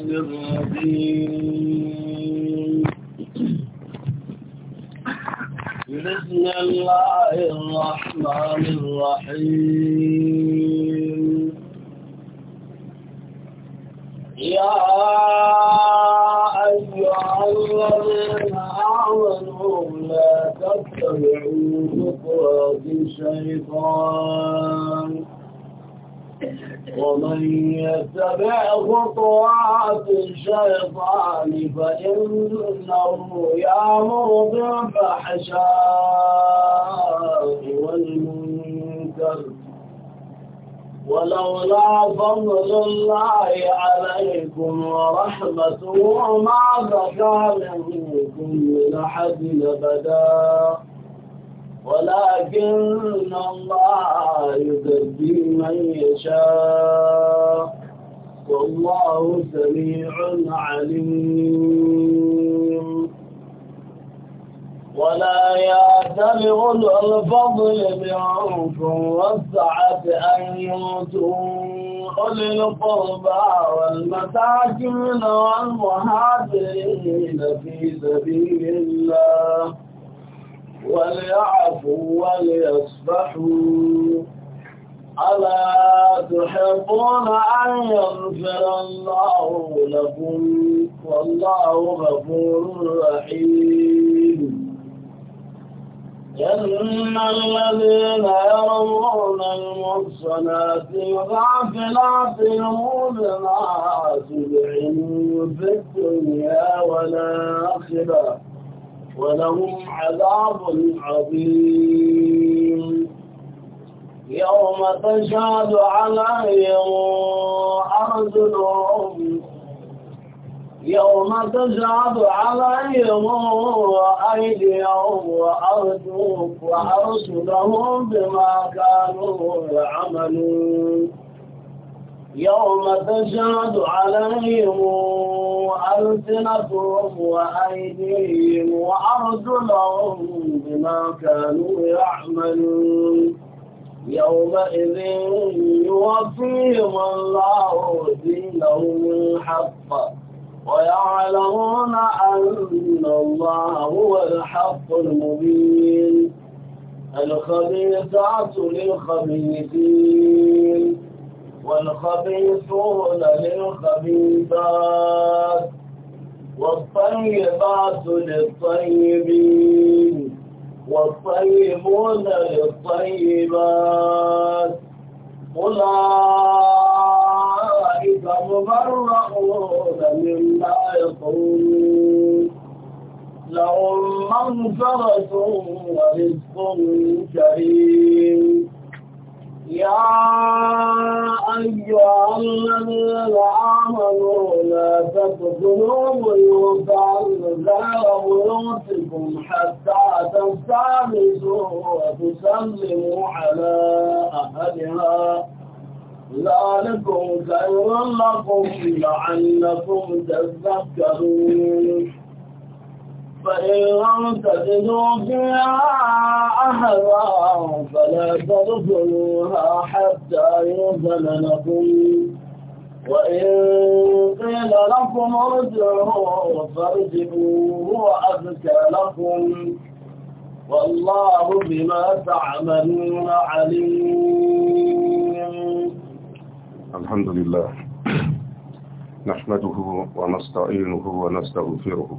بسم الله الرحمن الرحيم يا أيها الذين آمنوا لا تتبعوا خطوات الشيطان ومن يتبع خطوات الشيطان فإنه يأمر بالفحشاء والمنكر ولولا فضل الله عليكم ورحمته ما بكى منكم من أحد أبدا ولكن الله يدبي من يشاء والله سميع عليم ولا يأتل الفضل منكم والسعة أن يؤتوا أولي القربى والمساكين والمهاجرين في سبيل الله وليعفوا وليصبحوا ألا تحبون أن يغفر الله لكم والله غفور رحيم إن الذين يرمون المحصنات الغافلات المؤمنات بعلم في الدنيا والآخرة yemapozeadụ ana e mụ ụrụ anyị da-ye rụ arụzụ mụ bụ arụzụ n'ọhụrụ dịaga arụ aman يوم تشهد عليهم ألسنتهم وأيديهم وأرجلهم بما كانوا يعملون يومئذ يوفيهم الله دينهم الحق ويعلمون أن الله هو الحق المبين الخبيثات للخبيثين والخبيثون للخبيثات والطيبات للطيبين والطيبون للطيبات أولئك مبرؤون مما يقولون لهم مغفرة ورزق كريم يا أيها الذين آمنوا لا تقتلوا بيوت الرجال وبيوتكم حتى تستأنسوا وتسلموا على أهلها ذلكم خير لكم لعلكم تذكرون فإن لم تجدوا فيها أحدا فلا تدخلوها حتى يؤذن لكم وإن قيل لكم ارجعوا فارجعوا هو لكم والله بما تعملون عليم الحمد لله نحمده ونستعينه ونستغفره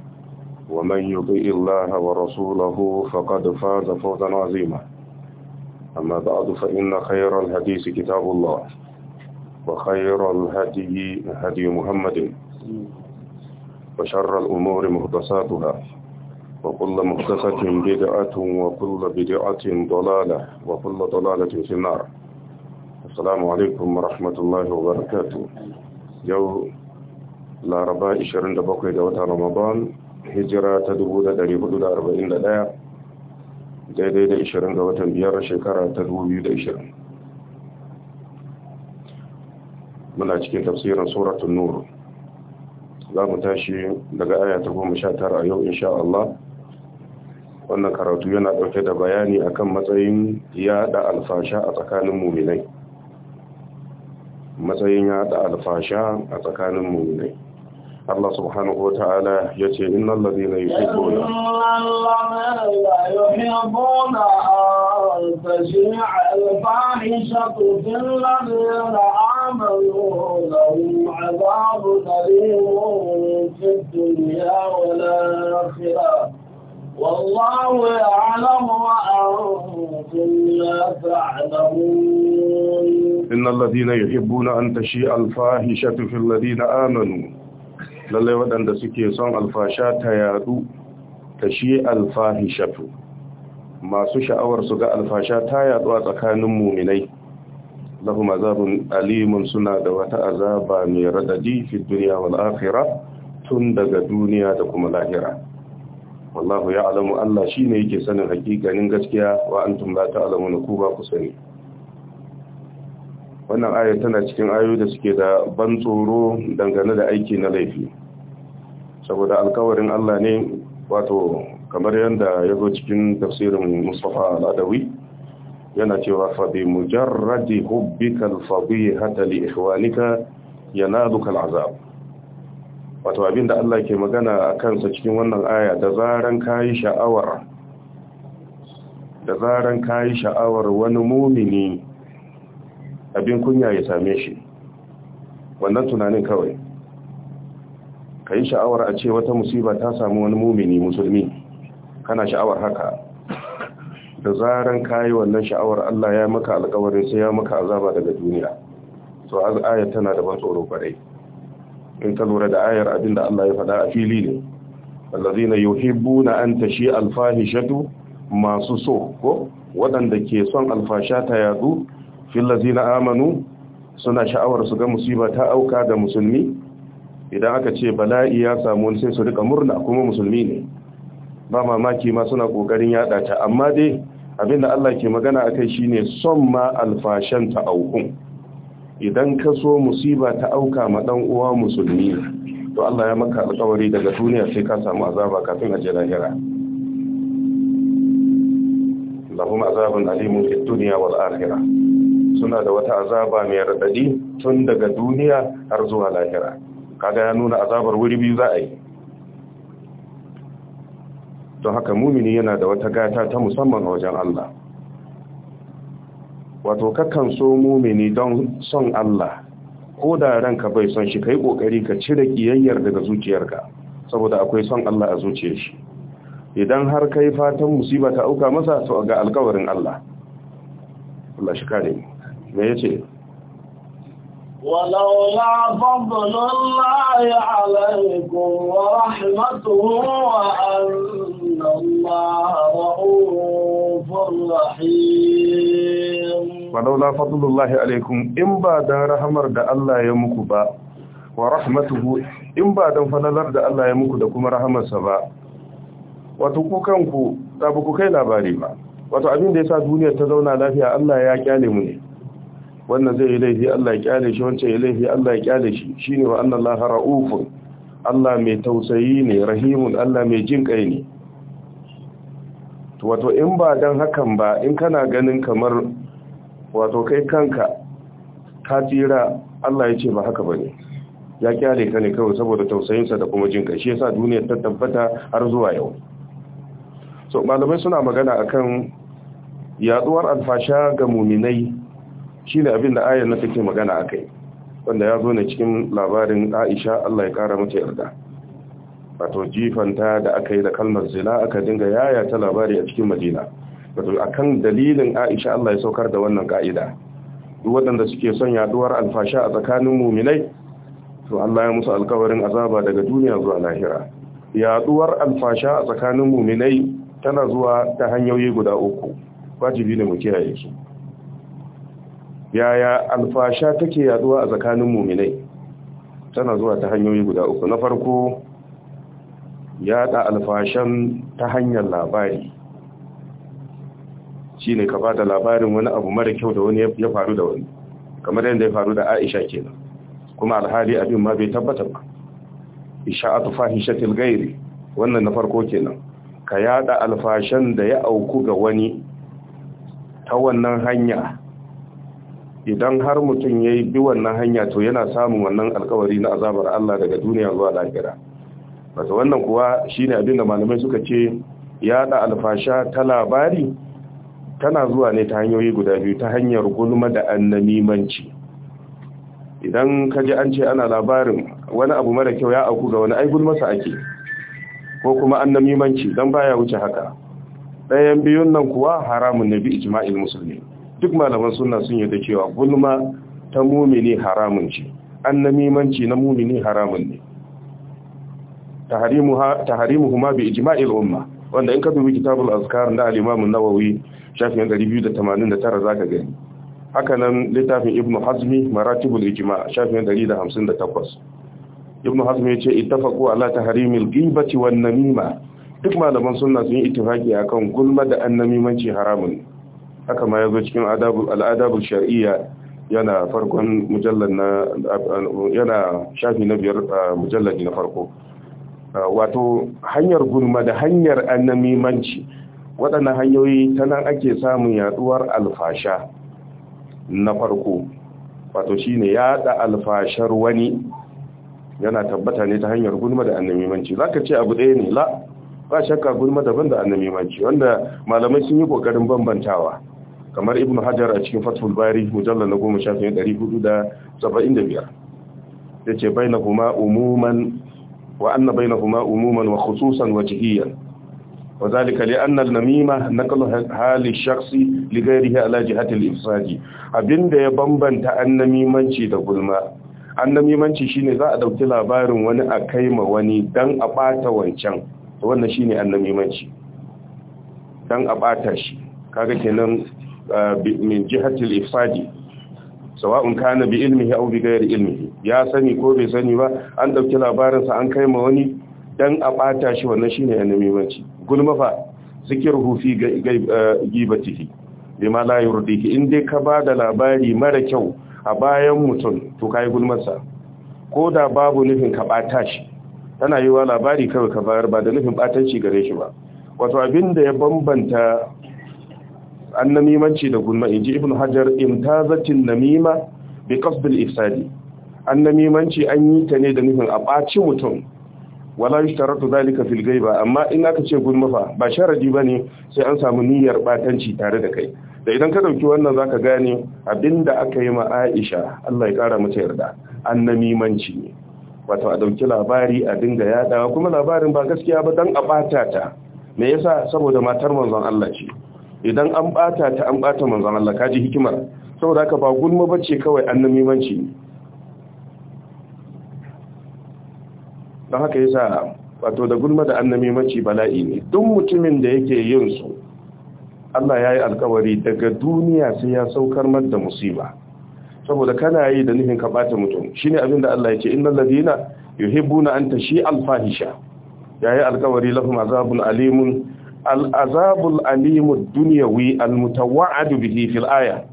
ومن يطيع الله ورسوله فقد فاز فوزا عظيما أما بعد فإن خير الحديث كتاب الله وخير الهدي هدي محمد وشر الأمور مهدساتها وكل مهدسة بدعة وكل بدعة ضلالة وكل ضلالة في النار السلام عليكم ورحمة الله وبركاته يو لارباء 27 ga watan رمضان hijira ta dubu da da da hudu arba'in ɗaya, daidai da ishirin ga watan biyar shekara ta dubu biyu da ishirin. muna cikin tafsirin suratun nur za mu tashi daga aya ta goma sha tara a yau insha Allah wannan karatu yana ɗauke da bayani akan matsayin ya da alfasha a tsakanin muminai matsayin ya da alfasha a tsakanin muminai تشيع الفاحشة في الذين آمنوا لهم عذاب lalazina في الدنيا والآخرة والله يعلم وأنتم لا تعلمون إن الذين يحبون أن تشيء الفاحشة في الذين آمنوا lallai waɗanda suke son alfasha ta yadu ta shi alfahishatu masu sha'awar su ga alfasha ta yadu a tsakanin muminai lahum azabun alimun suna da wata azaba mai radadi fi duniya wal akhirah tun daga duniya da kuma lahira wallahu ya'lamu Allah shine yake sanin hakikanin gaskiya wa antum la ta'lamuna ku ba ku sani wannan ayar tana cikin ayoyi da suke da ban tsoro dangane da aiki na laifi saboda alkawarin Allah ne wato kamar yadda ya zo cikin tafsirin Mustafa al-Adawi yana cewa fa bi mujarradi hubbika al-fadihata li ikhwanika yanaduka al-azab wato abinda Allah ke magana a kansa cikin wannan aya da zaran kayi sha'awar da zaran sha'awar wani mumini abin kunya ya same shi wannan tunanin kawai ka yi sha'awar a ce wata musiba ta samu wani mumini musulmi kana sha'awar haka da zaran kayi yi wannan sha'awar Allah ya maka alkawarin sai ya maka azaba daga duniya to ayar tana da ban tsoro kwarai in ka lura da ayar abinda Allah ya faɗa a fili ne allazina yuhibbuna an tashi alfahishatu masu so ko waɗanda ke son alfasha ta yadu fil lazina amanu suna sha'awar su ga musiba ta auka da musulmi idan aka ce bala'i ya samu wani sai su rika murna kuma musulmi ne ba mamaki ma suna kokarin yada ta amma dai abinda Allah ke magana akai shine son ma alfashan ta aukun idan ka so musiba ta auka ma dan uwa musulmi to Allah ya maka alƙawari daga duniya sai ka samu azaba kafin a je lahira lahum azabun alimun fi dunya wal akhirah suna da wata azaba mai radadi tun daga duniya har zuwa lahira kaga ya nuna azabar wuri biyu za a yi don haka mumini yana da wata gata ta musamman a wajen Allah wato kakan so mumini don son Allah ko da ranka bai son shi kai kokari ka cire kiyayyar daga zuciyarka saboda akwai son Allah a zuciyar shi idan har kai fatan musiba ta auka masa to ga alƙawarin Allah Allah shi kare mu me yace ولولا فضل فضل الله عليكم ورحمته وأن الله رؤوف رحيم ولولا فضل الله عليكم إن بعد رحمر دا الله يمكبا wa rahmatuhu in ba dan falalar da Allah ya muku da kuma rahamarsa ba wato ku kanku da ku kai labari ba wato abin da yasa duniyar ta zauna lafiya Allah ya kyale mu ne wannan zai yi laifi Allah ya kyale shi wancan ya laifi Allah ya kyale shi shine wa anna lahara ra'ufun Allah mai tausayi ne rahimun Allah mai jin kai ne wato in ba dan hakan ba in kana ganin kamar wato kai kanka ka tsira Allah ya ce ba haka bane ya kyale ka ne kawai saboda tausayinsa da kuma jin kai shi yasa duniyar ta tabbata har zuwa yau so malamai suna magana akan yaduwar alfasha ga muminai Shi ne abin da ayar na take magana a kai, wanda ya zo ne cikin labarin Aisha Allah ya kara mata yarda wato jifanta da aka yi da kalmar zina aka dinga yaya ta labari a cikin Madina wato akan dalilin Aisha Allah ya saukar da wannan ka'ida duk waɗanda suke son yaduwar alfasha a tsakanin muminai to Allah ya musu alkawarin azaba daga duniya zuwa lahira yaduwar alfasha a tsakanin muminai tana zuwa ta hanyoyi guda uku wajibi ne mu kiyaye su yaya alfasha take yaduwa a tsakanin muminai tana zuwa ta hanyoyi guda uku na farko da alfashan ta hanyar labari shi ne ka ba da labarin wani abu mara kyau da wani ya faru da wani kamar yadda ya faru da aisha kenan kuma alhali abin ma bai tabbata ba isha'atu fahishatil gairi wannan na farko kenan ka yada alfashan da ya auku ga wani ta wannan hanya idan har mutum ya bi wannan hanya to yana samun wannan alkawari na azabar Allah daga duniya zuwa lahira wata wannan kuwa shine abin da malamai suka ce yaɗa alfasha ta labari tana zuwa ne ta hanyoyi guda biyu ta hanyar gulma da annamimanci idan ka ji an ce ana labarin wani abu mara kyau ya auku ga wani ai gulmasa ake ko kuma annamimanci don baya wuce haka ɗayan biyun nan kuwa haramun nabi ijma'il musulmi duk malaman suna sun yarda cewa gulma ta mumini haramun ce annamimanci na mumini haramun ne Ta taharimuhuma bi ijma'il umma wanda in ka dubi kitabul azkar na al-imam an-nawawi shafin 289 zaka gani haka nan littafin ibnu hazmi maratibul ijma' shafin 158 ibnu hazmi ya yace ittafaqu ala taharimil ghibati wan namima duk malaman sunna sun yi ittifaki akan gulma da annamimanci haramun ne. haka ma ya zo cikin al'adabul shari'a yana farkon mujallar na yana shafi na biyar mujallar na farko wato hanyar gulma da hanyar annamimanci waɗannan hanyoyi ta nan ake samun yaduwar alfasha na farko wato shine yaɗa alfashar wani yana tabbata ne ta hanyar gulma da annamimanci zaka ce abu ɗaya ne la ba shakka gulma daban da annamimanci wanda malamai sun yi ƙoƙarin bambantawa kamar ibn hajar a cikin fatul bari mujallar na goma shafi fiye ɗari hudu da saba'in da biyar ya ce bai na kuma umuman wa anna bai na kuma umuman wa khususan wa jihiyar wa zalika li annal namima naqlu hali shakhsi li ghayrihi ala jihati al-ifsadi abinda ya bambanta annamimanci da gulma annamimanci shine za a dauki labarin wani a kai ma wani dan a bata wancan wannan shine annamimanci dan a bata shi kaga kenan min jihatil ifsadi sawa'un kana bi ilmihi aw bi ghairi ilmihi ya sani ko bai sani ba an dauki labarin sa an kai ma wani dan a bata shi wannan shine annamimanci gulma fa zikruhu fi gibatihi bima la yurdihi in dai ka bada labari mara kyau a bayan mutum to kai sa. ko da babu nufin ka bata shi tana yiwa labari kawai ka bayar ba da nufin batanci gare shi ba wato abin da ya bambanta an namimanci da gulma inji ibn hajar imtazatin namima bi qasdil ifsadi an namimanci an yi ta ne da nufin a ɓaci mutum wala yushtaratu zalika filgai ba amma in aka ce gulma fa ba sharadi ba ne sai an samu niyyar ɓatanci tare da kai da idan ka ɗauki wannan za ka gane abinda aka yi ma Aisha Allah ya kara mata yarda an namimanci ne wato a dauki labari a dinga yaɗa kuma labarin ba gaskiya ba dan a ɓata ta me yasa saboda matar manzon Allah ce idan an bata ta an bata manzon Allah kaji hikimar saboda haka ba gulma bace kawai manci don haka yasa wato da gulma da manci bala'i ne duk mutumin da yake yin su Allah ya yi alkawari daga duniya sai ya saukar da musiba saboda kana yi da nufin ka bata mutum shine abin da Allah yake ce innal ladina yuhibbuna an tashi al fahisha yayi alkawari lahum azabun alimun al'azabul alimud dunyawi almutawa'adu bihi fil aya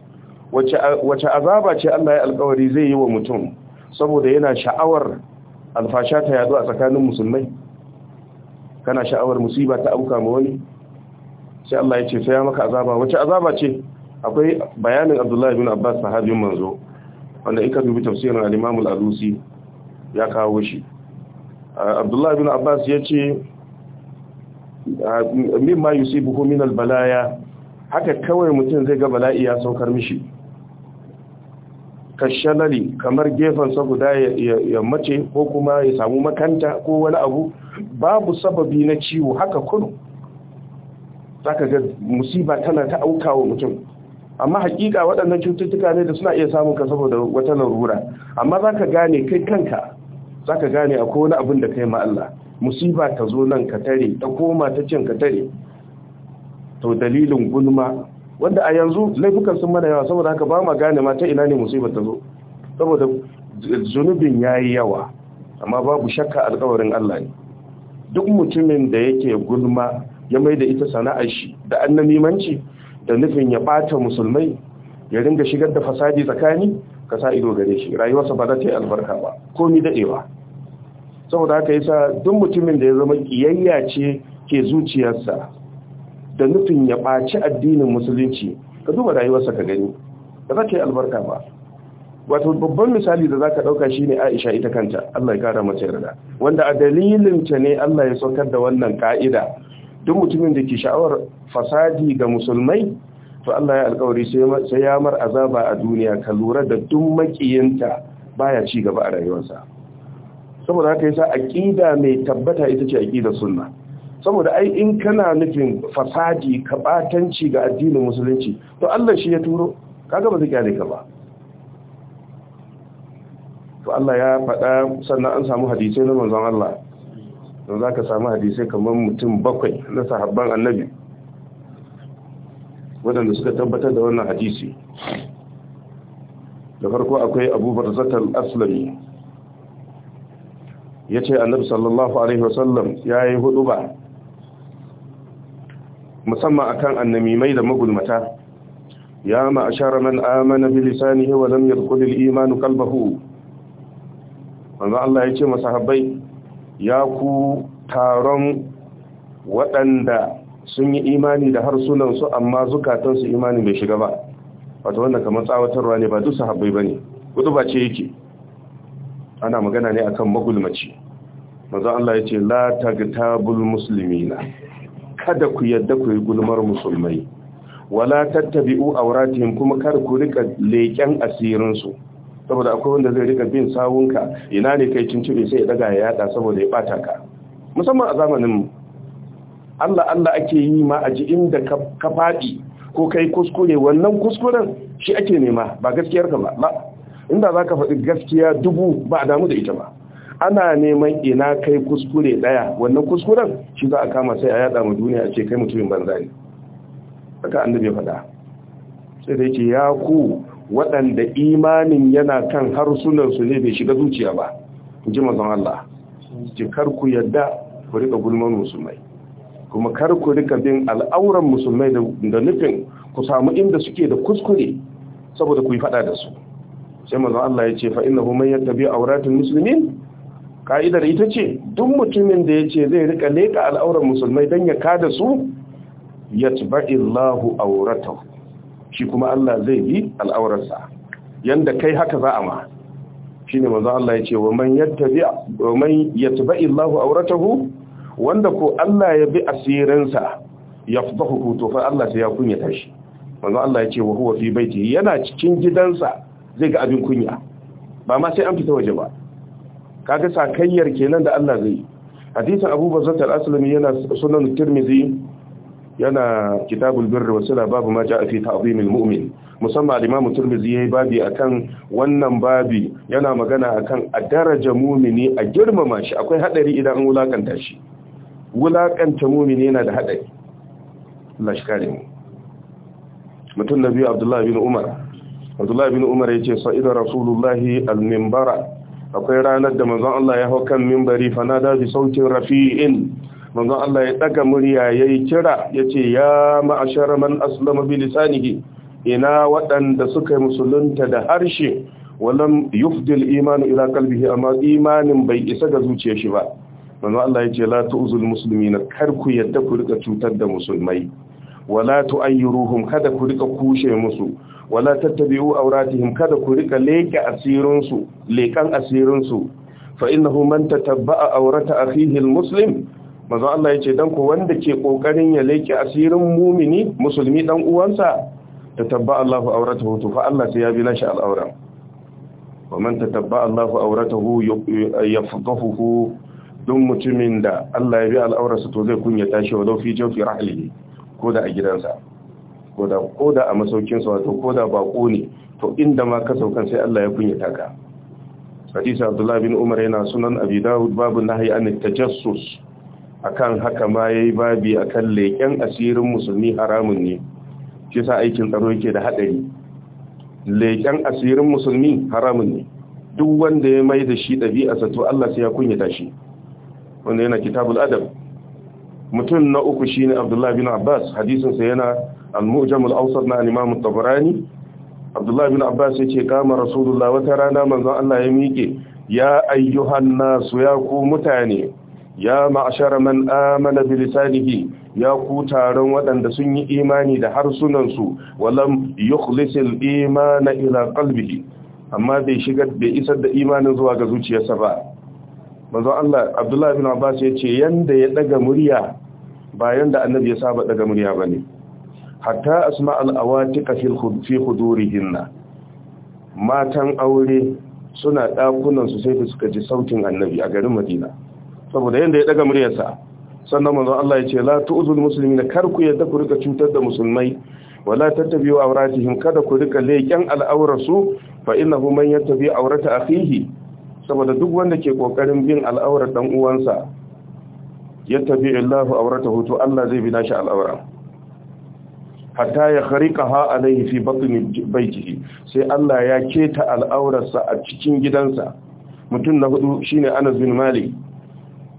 wace azaba ce Allah ya alkawari zai yi wa mutum saboda yana sha'awar alfasha ta yadu a tsakanin musulmai kana sha'awar musiba ta abuka ma wani sai Allah ya ce sai ya maka azaba wace azaba ce akwai bayanin Abdullahi bin Abbas sahabin manzo wanda ika dubi tafsirin al-Imam al-Alusi ya kawo shi Abdullahi bin Abbas ya ce mimma yusibuhu min albalaya haka kawai mutum zai ga bala'i ya saukar mishi kashalali kamar sa guda ya mace ko kuma ya samu makanta ko wani abu babu sababi na ciwo haka kunu zaka ga musiba tana ta aukawa mutum amma hakika waɗannan cututtuka ne da suna iya samun ka saboda wata larura amma zaka gane kai kanka zaka gane akwai wani abin da kai ma Allah musiba ta zo nan ka tare ta koma ta cin ka tare to dalilin gulma wanda a yanzu laifukan sun mana yawa saboda haka ba ma gane ma ta ina ne musiba ta zo saboda zunubin ya yi yawa amma babu shakka alkawarin Allah ne duk mutumin da yake gulma ya mai da ita sana'ar shi da annamimanci da nufin ya bata musulmai ya ringa shigar da fasadi tsakani ka sa ido gare shi rayuwarsa ba za ta yi albarka ba komi daɗewa saboda haka yasa duk mutumin da ya zama kiyayya ce ke zuciyarsa da nufin ya ɓaci addinin musulunci ka duba rayuwarsa ka gani da za ka yi albarka ba wato babban misali da za ka ɗauka shi ne aisha ita kanta allah ya kara mace yarda wanda a dalilinta ne allah ya saukar da wannan ka'ida duk mutumin da ke sha'awar fasadi ga musulmai to allah ya alkawari sai ya mar azaba a duniya ka lura da duk makiyinta baya ci gaba a rayuwarsa saboda haka yasa aqida mai tabbata ita ce aqidar sunna saboda ai in kana nufin fasadi ka batanci ga addinin musulunci to Allah shi ya turo kaga ba zai kare ka ba to Allah ya faɗa sannan an samu hadisai na manzon Allah don zaka samu hadisai kamar mutum bakwai na sahabban annabi waɗanda suka tabbatar da wannan hadisi da farko akwai abubuwar zakar aslami ya ce annabi sallallahu alaihi wasallam ya yi hudu ba musamman akan annamimai da magulmata ya ma'ashara man amana bi lisanihi wa lam yadkhul al-iman qalbahu Allah ya ce masahabbai ya ku taron waɗanda sun yi imani da harsunansu amma zukatansu imani bai shiga ba wato wanda kamar tsawatarwa ne ba duk sahabbai bane hudu ba ce yake ana magana ne akan magulmaci manzo Allah yace la tagtabul muslimina kada ku yadda ku yi gulmar musulmai wala tattabi'u auratihim kuma kar ku rika leken asirinsu. su saboda akwai wanda zai rika bin sawunka ina ne kai cin cire sai ya daga ya yada saboda ya bata ka musamman a zamanin Allah Allah ake yi ma a ji inda ka faɗi ko kai kuskure wannan kuskuren shi ake nema ba gaskiyar ka ba inda za ka faɗi gaskiya dubu ba a damu da ita ba ana neman ina kai kuskure ɗaya wannan kuskuren shi za a kama sai a yada ma duniya a ce kai mutumin banza ne haka annabi ya faɗa sai da yake ya ku waɗanda imanin yana kan su ne bai shiga zuciya ba in ji mazan Allah ji karku yadda ku rika gulman musulmai kuma karku rika bin al'auran musulmai da nufin ku samu inda suke da kuskure saboda ku yi faɗa da su sai manzon Allah ya ce fa innahu man yattabi awratul muslimin ka'idar ita ce duk mutumin da ya ce zai rika leka al'auran musulmai don ya kada su yatba'illahu awratahu shi kuma Allah zai bi al'aurarsa yanda kai haka za a ma Shi ne manzon Allah ya ce wa man yattabi wa auratahu? wanda ko Allah ya bi asirinsa ya yafdahu to fa Allah sai ya kunyata shi manzon Allah ya ce wa huwa fi baiti yana cikin gidansa zai ga abin kunya ba ma sai an fita waje ba kaga sakayyar kenan da Allah zai hadisin Abu Bazzar al-Aslami yana sunan Tirmidhi yana kitabul birr wa sala babu ma ja'a fi ta'zimil mu'min musamman al-Imam Tirmidhi yayi babi akan wannan babi yana magana akan a daraja mu'mini a girmama shi akwai hadari idan an wulakanta shi wulakanta mu'mini yana da hadari Allah shi kare mu mutum Nabi Abdullah bin Umar abdullahi bin umar ya ce sa'ida rasulullahi al-mimbara akwai ranar da manzon Allah ya hau kan mimbari fanada bi sautin rafi'in manzon Allah ya daga murya yayi kira yace ya ma'ashara man aslama bi lisanihi ina waɗanda suka yi musulunta da harshe walam yufdil imanu ila qalbihi amma imanin bai isa ga zuciyar shi ba manzo Allah ya ce la tu'zul muslimina kar ku yadda ku rika cutar da musulmai wala ruhu kada ku rika kushe musu wala tattabi'u auratihim kada ku rika leke asirinsu lekan asirinsu fa innahu man tatabba'a aurata akhihi almuslim Maza Allah yace dan ku wanda ke kokarin ya leke asirin mumini musulmi dan uwansa tatabba'a Allahu auratahu to fa Allah sai ya bi nashi al'aura wa man tatabba'a Allahu auratahu yafqahuhu dun mutumin da Allah ya bi al'aurarsa to zai kunya shi wa fi jawfi rahlihi ko da a gidansa ko da a masaukin sa wato ko da bako ne to inda ma ka saukan sai Allah ya kunya taka hadisi Abdullah bin Umar yana sunan Abi Dawud babu nahyi an tajassus akan haka ma yayi babi akan leken asirin musulmi haramun ne shi sa aikin tsaro yake da hadari leken asirin musulmi haramun ne duk wanda ya mai da shi dabi'a to Allah sai ya kunya shi wanda yana kitabul adab mutum na uku shine abdullahi bin abbas hadisinsa yana al-mujam al na imam tabarani abdullahi bin abbas ce kama rasulullah wata rana manzon Allah ya miƙe ya ayyuhan nasu ya ku mutane ya ma'ashara man amana bi lisanihi ya ku taron waɗanda sun yi imani da harsunansu walam yukhlisil imana ila qalbihi amma bai shigar bai isar da imanin zuwa ga zuciyarsa ba manzo Allah Abdullahi bin Abbas ya ce yanda ya daga murya ba yanda annabi ya saba daga murya bane hatta asma al-awatika fi hudurihinna matan aure suna dakunan su sai suka ji sautin annabi a garin Madina saboda yanda ya daga muryarsa sannan manzo Allah ya ce la tu'zul muslimina kar ku yadda ku rika cutar da musulmai wala tattabi'u awratihim kada ku rika leken al'aurarsu fa innahu man yattabi awrata akhihi saboda duk wanda ke kokarin bin al'aurar dan uwansa ya tabi illahu aurata hutu, Allah zai bi nashi al'aura hatta ya khariqaha alayhi fi batni baytihi sai Allah ya keta al'aurarsa a cikin gidansa mutum na hudu shine Anas bin Malik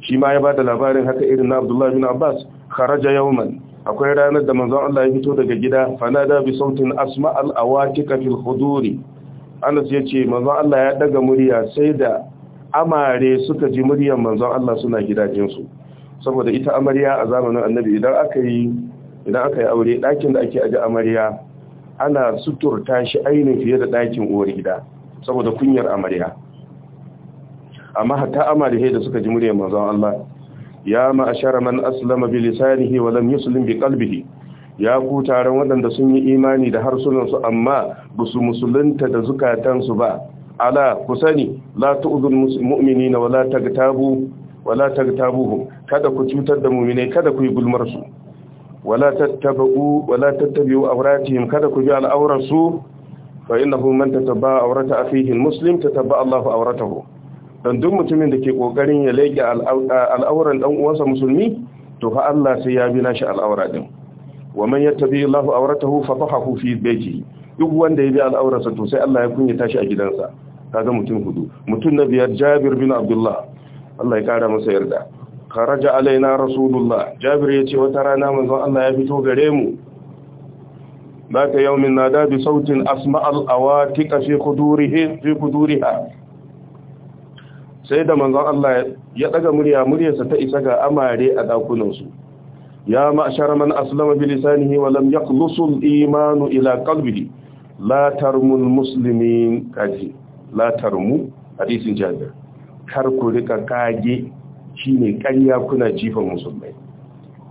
shi ma ya bada labarin haka irin na Abdullah bin Abbas kharaja yawman akwai ranar da manzon Allah ya fito daga gida fanada bi sautin asma al-awatika fil khuduri Anas ya ce manzon Allah ya daga murya sai da amare suka ji muryar manzon Allah suna gidajensu saboda ita amarya a zamanin annabi idan aka yi aure dakin da ake aji amarya ana suturta shi ainihin fiye da dakin uwar gida saboda kunyar amarya amma hatta amare da suka ji muryar manzon Allah ya ma'ashara man aslama bi lisanihi wa lam yuslim bi qalbihi ya ku taron waɗanda sun yi imani da harsunansu amma ba su musulunta da zukatansu ba ala ku sani la tu'zul mu'minina wala tagtabu wala tagtabuhum kada ku cutar da mu'minai kada ku yi gulmar su wala tattabu wala tattabi'u awratihim kada ku bi al'awrasu fa innahu man tatabba awrata akhihi almuslim tatabba Allahu awratahu dan duk mutumin da ke kokarin ya lege al'auran dan uwansa musulmi to fa Allah sai ya bi nashi al'aura din wa man yattabi Allahu awratahu fatahahu fi baiti duk wanda ya bi al'aurarsa to sai Allah ya kunya tashi a gidansa kaga mutum hudu mutum na biyar Jabir bin Abdullah Allah ya kara masa yarda kharaja alaina rasulullah Jabir yace wata rana manzon Allah ya fito gare mu ذاك يوم sautin بصوت أسمع الأواتق في قدوره في قدورها sai da manzon Allah ya daga murya muryarsa ta isa ga amare a dakunansu. يا معشر من أسلم بلسانه ولم يخلص الإيمان إلى قلبه لا ترموا المسلمين كاجي لا ترموا حديث جابر كركو ريكا kage شيني كاريا kuna jifan musulmai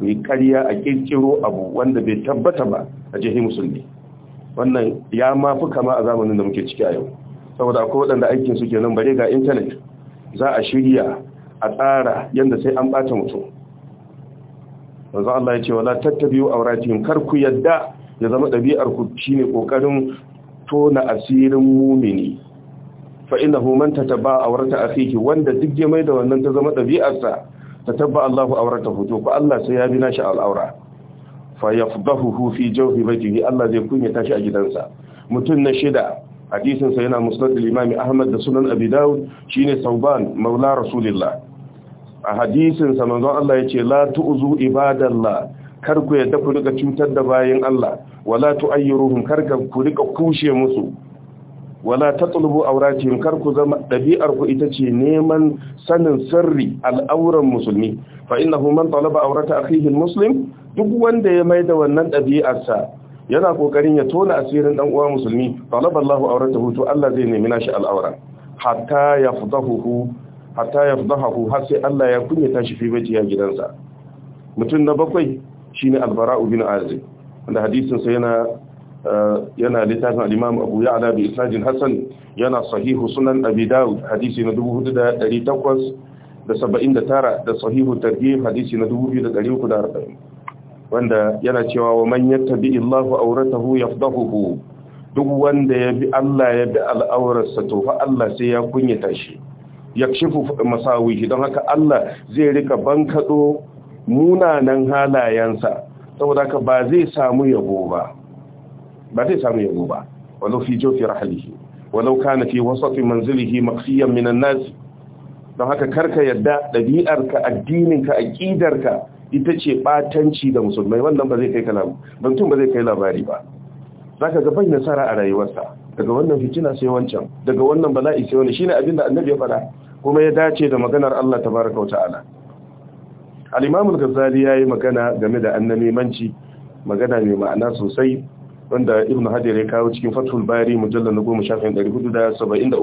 mai ƙarya a ƙirƙiro abu wanda bai tabbata ba a jihin musulmi wannan ya mafi kama a zamanin da muke ciki a yau saboda akwai waɗanda aikin su kenan bare ga intanet za a shirya a tsara yadda sai an ɓata mutum Wanzu Allah ya ce wala tattabi'u awratihim kar ku yadda ya zama dabi'ar ku shine kokarin tona asirin mumini fa innahu man tataba awrata akhihi wanda duk ya mai da wannan ta zama dabi'arsa tatabba Allahu awratahu to ku. Allah sai ya bi nashi al'aura fa yafdahu fi jawfi wajhihi Allah zai kunya tashi a gidansa mutun na shida hadisin sa yana musnad al-imam Ahmad da sunan Abi Dawud shine Sauban maula Rasulullah a hadisin sa manzon Allah yace la tu'zu ibadallah kar ku yadda ku rika cutar da bayin Allah wala tu'ayyiruhum kar ku rika kushe musu wala tatlubu auratihim kar ku zama dabi'ar ku ita ce neman sanin sirri al'auran musulmi fa innahu man talaba aurata akhihi muslim duk wanda ya maida wannan ɗabi'arsa, yana kokarin ya tona asirin dan uwa musulmi talaba Allahu auratahu to Allah zai nemi nashi al'aura hatta yafdahu hatta yafdahu har sai Allah ya kunyata shi fi bajiya gidansa mutum na bakwai shine albara'u bin azib wanda hadisin sa yana eh, yana littafin al-Imam Abu Ya'la bi isnadin hasan yana sahihu sunan Abi Dawud hadisi na 4879 da da sahihu tarhib hadisi na 2340 wanda yana cewa wa man yattabi Allahu awratahu yafdahu duk wanda ya bi Allah ya bi al'aurarsa to fa Allah sai ya kunyata shi yakshifu masawihi don haka Allah zai rika bankado munanan halayensa saboda haka ba zai samu yabo ba ba zai samu yabo ba walau fi jofi rahalihi walau kana fi wasati manzilihi maqsiyan minan nas don haka karka yadda ka addininka ka ita ce batanci da musulmai wannan ba zai kai kalamu bantum ba zai kai labari ba zaka ga bai nasara a rayuwarsa daga wannan fitina sai wancan daga wannan bala'i sai wani shine abin da annabi ya faɗa kuma ya dace da maganar Allah tabaraka ta'ala al-imam al-ghazali yayi magana game da Manci magana mai ma'ana sosai wanda ibn hadir ya kawo cikin fathul bari mujallal na 10473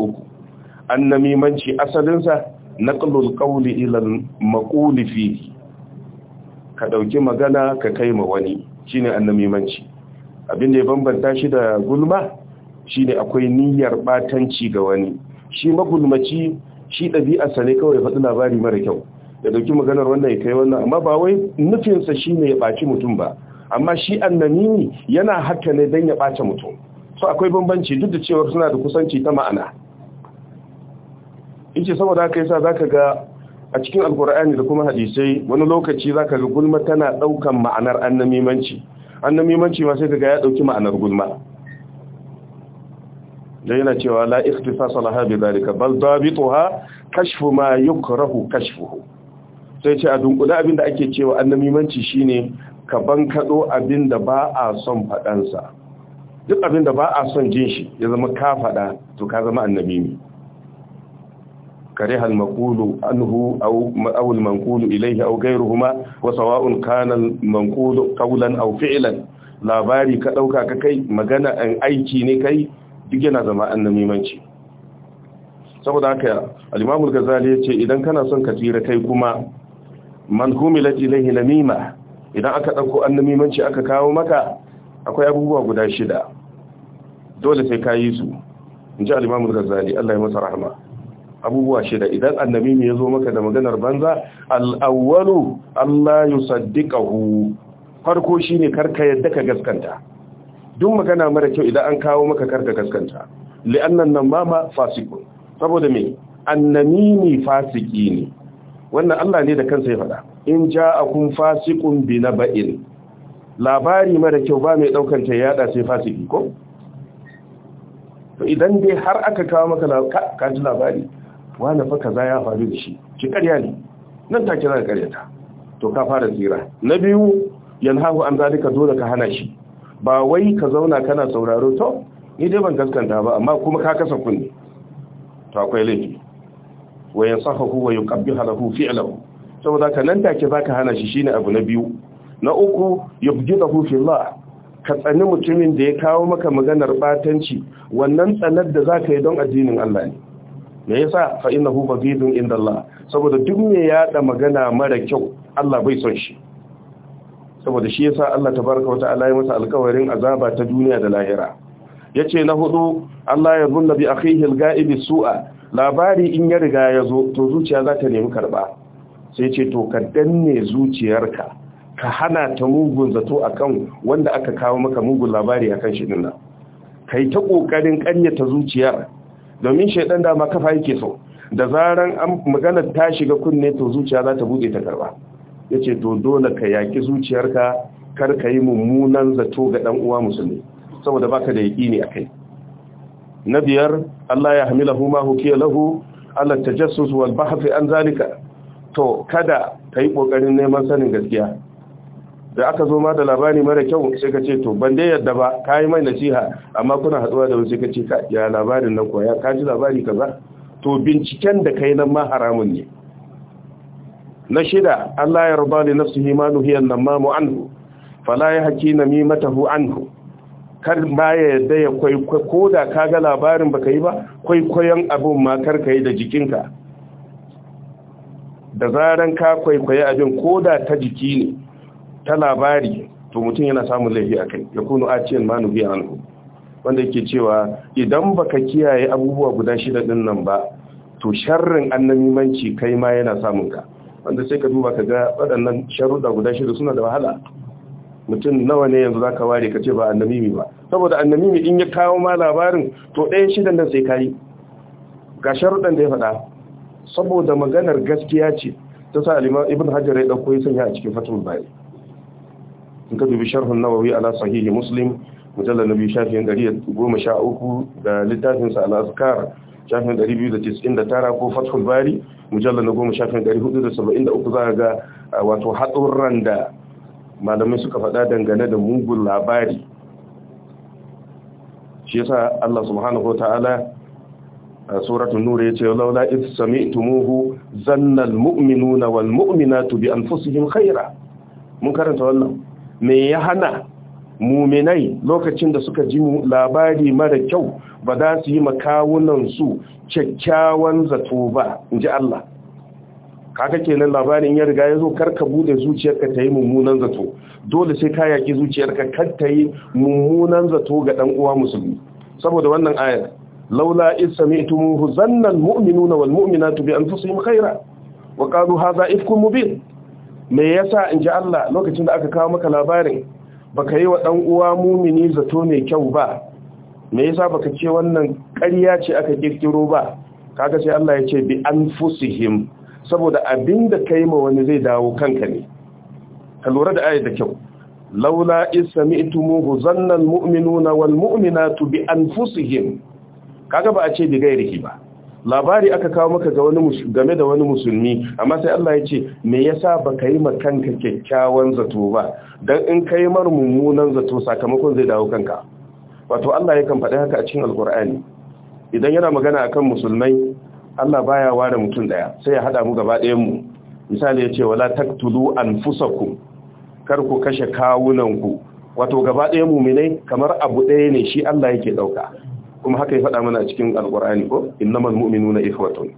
annamimanci asalin sa naqlul qawli ila al-maquli fihi ka dauki magana ka kai ma wani shine annamimanci abin da ya bambanta shi da gulma shine akwai niyyar batanci ga wani shi magulmaci shi ɗabi'a sane kawai faɗi labari mara kyau Da dauki maganar wannan ya kai wannan amma ba wai nufinsa shine ya ɓaci mutum ba amma shi annamimi yana haka ne don ya ɓace mutum so akwai bambanci duk da cewar suna da kusanci ta ma'ana ce saboda haka yasa ka ga a cikin alkur'ani da kuma hadisai wani lokaci zaka ga gulma tana ɗaukan ma'anar annamimanci annamimanci ma sai kaga ya dauki ma'anar gulma da yana cewa la ikhtifasa laha bi zalika bal dabituha kashfu ma yukrahu kashfuhu sai ce a dunkula abinda ake cewa annamimanci shine ka bankado abinda ba a son fadansa duk abinda ba a son jin shi ya zama ka fada to ka zama annamimi كره المقول عنه أو أو المنقول إليه أو غيرهما وسواء كان المنقول قولا أو فعلا labari ka ɗauka ka kai magana an aiki ne kai duk yana zama annamimanci saboda haka al-imamul ghazali yace idan kana son ka tsira kai kuma man humilat ilayhi namima idan aka dauko annamimanci aka kawo maka akwai abubuwa guda shida dole sai ka yi su inji al-imamul ghazali Allah ya masa rahma abubuwa shida idan annabi ne ya zo maka da maganar banza al'awwalu Allah yusaddiqahu farko shine karka yadda ka gaskanta Dun magana mara kyau idan an kawo maka karka gaskanta li'annan nan ma fasikun saboda me annamimi fasiki ne wannan Allah ne da kansa ya faɗa in ja'akum fasikun bi ba'in. labari mara kyau ba mai ɗaukanta ta yada sai fasiki ko to idan dai har aka kawo maka ka ji labari wani faka za ya faru da shi ki karya ne nan ta za ka ta. to ka fara tsira na biyu yanhahu an zalika dole ka hana shi ba wai ka zauna kana sauraro to ni dai ban gaskanta ba amma kuma ka kasa kunne to akwai laifi wa yansahu wa yuqabbihu lahu fi'lahu saboda ka nan take zaka hana shi shine abu na biyu na uku fi Allah ka tsani mutumin da ya kawo maka maganar batanci wannan tsanar da zaka yi don addinin Allah ne me yasa fa innahu babidun inda Allah saboda duk me da magana mara kyau Allah bai son shi saboda shi yasa Allah tabaraka wa ta'ala ya masa alƙawarin azaba ta duniya da lahira yace na hudu Allah ya zunna bi akhihi al su'a labari in ya riga ya zo to zuciya za ta nemi karba sai ce to ka danne zuciyarka ka hana ta mugun zato akan wanda aka kawo maka mugun labari akan shi nan. kai ta kokarin kanyata zuciyar domin shaidan dama kafa yake so da zaran an magana ta shiga kunne to zuciya za ta bude ta karba yace to dole ka yaki zuciyarka kar ka yi mummunan zato ga dan uwa musulmi saboda baka da a akai na biyar Allah ya hamilahu ma hukiya lahu ala tajassus wal bahth an zalika to kada ka yi ƙoƙarin neman sanin gaskiya da aka zo ma da labari mara kyau sai ka ce to ban dai yadda ba ka yi mai nasiha amma kuna haɗuwa da wasu ka ce ya labarin nan koya ka ji labari kaza to binciken da ka yi nan ma ne na shida Allah ya ruba li nafsihi ma nuhiya namamu anhu fala ya haki matahu anhu kar ba ya yadda ya kwaikwai ko da ka ga labarin ba ka yi ba kwaikwayon abin makar kar ka yi da jikinka da zaran ka kwaikwayi abin ko da ta jiki ne ta labari to mutum yana samun laifi a kai ya kunu a cikin manu biya hannu wanda yake cewa idan baka kiyaye abubuwa guda shida din nan ba to sharrin annamimanci kai ma yana samun ka wanda sai ka duba ka ga waɗannan sharuɗa guda shida suna da wahala mutum nawa ne yanzu zaka ware ka ce ba annamimi ba saboda annamimi in ya kawo ma labarin to ɗayan shidan nan sai kayi ga sharuɗan da ya faɗa saboda maganar gaskiya ce ta sa ibn hajar ya ɗauko ya sanya a cikin fatul bari in ka dubi sharhun nawawi ala sahihi muslim mujallar nabi shafin 113 da littafinsa al-azkar shafin 299 ko fathul bari mujallar na goma shafin 473 za ga wato haɗurran da malamai suka faɗa dangane da mugun labari shi yasa Allah subhanahu wa ta'ala suratul nur yace laula id sami'tumuhu zanna almu'minuna walmu'minatu bi anfusihim khaira mun karanta wannan me ya hana muminai lokacin da suka ji labari mara kyau ba za su yi makawunansu kyakkyawan zato ba in ji Allah kaka kenan labarin ya riga ya zo karka bude zuciyarka ta yi mummunan zato dole sai ka yaki zuciyarka kar ta yi mummunan zato ga dan uwa musulmi saboda wannan ayar laula is sami'tumuhu zanna al-mu'minuna wal mu'minatu bi anfusihim khaira wa qalu hadha ifkun mubin me yasa in ji Allah lokacin da aka kawo maka labarin baka yi wa ɗan uwa mumini zato mai kyau ba me yasa baka ce wannan ƙarya ce aka kirkiro ba kaga sai Allah ya ce bi anfusihim saboda abinda kai ma wani zai dawo kanka ne ka lura da ayat da kyau laula is sami'tumuhu zanna almu'minuna walmu'minatu bi anfusihim kaga ba a ce bi gairihi ba labari aka kawo maka ga wani game da wani musulmi amma sai Allah ya ce me yasa baka yi kanka kyakkyawan zato ba dan in kai mar mummunan zato sakamakon zai dawo kanka wato Allah yakan faɗi haka a cikin alkur'ani idan yana magana akan musulmai Allah baya ware mutum daya sai ya hada mu gaba ɗayan mu misali ya ce wala taqtulu anfusakum kar ku kashe kawunanku wato gaba ɗayan mu ne? kamar abu ɗaya ne shi Allah yake ɗauka kuma haka ya faɗa mana a cikin alkur'ani ko innamal mu'minuna ikhwatun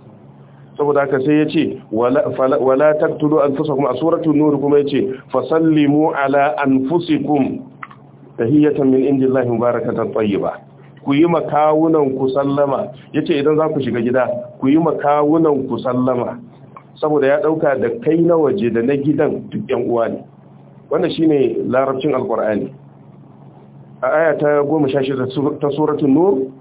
saboda haka sai yace wala wala taqtulu anfusakum a suratul nur kuma yace fasallimu ala anfusikum tahiyatan min indillahi mubarakatan tayyiba ku yi makawunan ku sallama yace idan za ku shiga gida ku yi makawunan ku sallama saboda ya ɗauka da kai na waje da na gidan duk yan uwa ne wannan shine larabcin alkur'ani a aya ta 16 ta suratul nur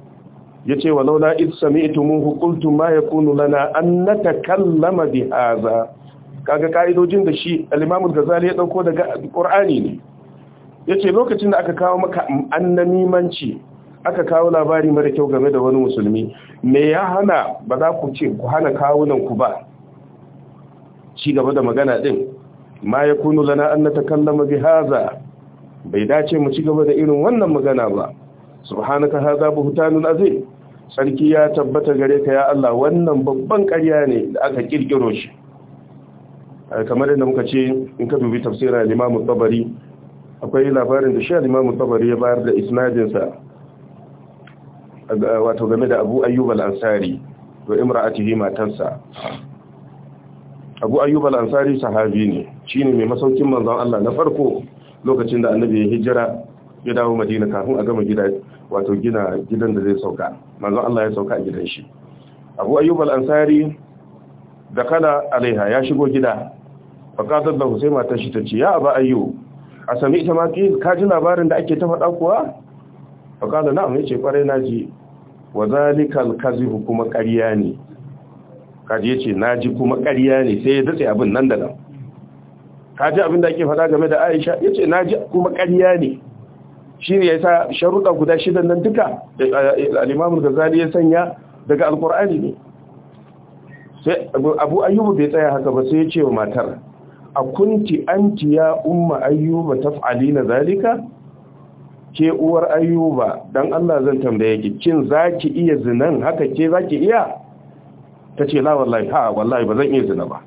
yace walaula id sami'tumuhu qultum ma yakunu lana an natakallama bi hadha kaga kaidojin da shi al gazali ya dauko daga Qur'ani ne yace lokacin da aka kawo maka annamimanci aka kawo labari mara kyau game da wani musulmi me ya hana ba za ku ce ku hana kawunan ku ba ci gaba da magana din ma yakunu lana an natakallama bi hadha bai dace mu ci gaba da irin wannan magana ba subhanaka hadha buhtanun azim sarki ya tabbata gare ka ya Allah wannan babban ƙarya ne da aka kirkiro shi eh, kamar yadda muka ce in ka dubi tafsirin Imam Tabari akwai labarin da shi Imam Tabari ya bayar da isnadin sa eh, wato game da Abu Ayyub al-Ansari da imra'atihi matarsa Abu Ayyub al-Ansari sahabi ne shine mai masaukin manzon Allah na farko lokacin da Annabi ya hijira ya dawo Madina kafin a gama wato gina gidan da zai sauka manzo Allah ya sauka a gidan shi Abu Ayyub al-Ansari da kala alaiha ya shigo gida faqatat da Husayn matar shi tace ya Abu Ayyub a sami ita ma ka ji labarin da ake ta faɗa kuwa faqala na'am yace na naji wa zalikal kazib kuma ƙarya ne kaji yace naji kuma ƙarya ne sai ya dace abin nan da nan kaji abin da ake faɗa game da Aisha yace naji kuma ƙarya ne shi ne ya sa sharuɗa guda shidan nan duka al'imamun gazali ya sanya daga alkur'ani ne abu ayyubu bai tsaya haka ba sai ya ce wa matar a kunti anti ya umma ayyuba fa’ali na zalika ke uwar ayyuba Don Allah zan tambaye ki kin ki iya zinan haka ke za ki iya ce la wallahi ha wallahi ba zan iya zina ba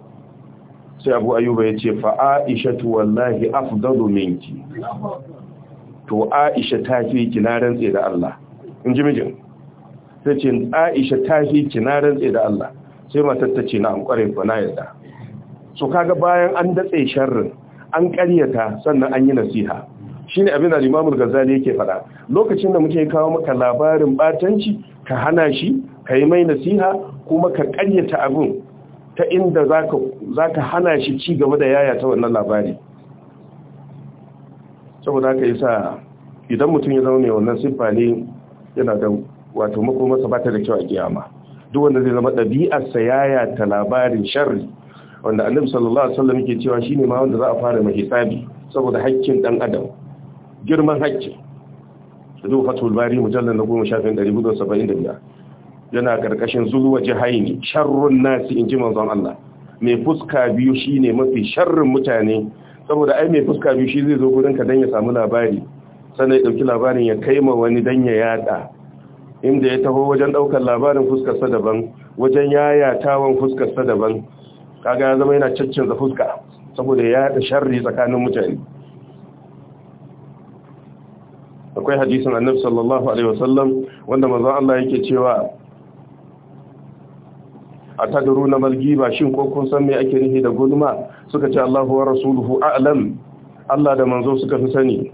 sai abu ayyuba ya ce fa aishatu wallahi afdalu minki to Aisha ta fi ki na da Allah in ji mijin sai ce Aisha ta fi na da Allah sai matar ta ce na an kware ko na yarda so kaga bayan an datse sharrin an ƙaryata sannan an yi nasiha shine abin da Imam Ghazali yake fada lokacin da muke kawo maka labarin batanci ka hana shi ka yi mai nasiha kuma ka ƙaryata abin ta inda zaka zaka hana shi ci gaba da yaya ta wannan labari saboda yi sa, idan mutum ya zama mai wannan siffa ne yana da wato makomarsa ba ta da kyau a kiyama duk wanda zai zama ɗabi'arsa yaya ta labarin sharri wanda annabi sallallahu alaihi wasallam yake cewa shine ma wanda za a fara mai hisabi saboda haƙƙin dan adam girman haƙƙi duk fatul bari mujallal na 10775 yana karkashin zulwa jihaini sharrun nasi inji manzon Allah mai fuska biyu shine mafi sharrin mutane saboda ai mai fuska biyu shi zai zo gurin ka dan ya samu labari sannan ya dauki labarin ya kai ma wani dan ya yada inda ya taho wajen ɗaukar labarin fuskar daban wajen yayatawan fuskar sa daban kaga ya zama yana caccanza fuska saboda ya yada sharri tsakanin mutane akwai hadisin annabi sallallahu alaihi wasallam wanda manzon Allah yake cewa a tadaru na malgiba shin ko kun san me ake nufi da gulma suka ce Allahu wa rasuluhu a'lam Allah da manzo suka fi sani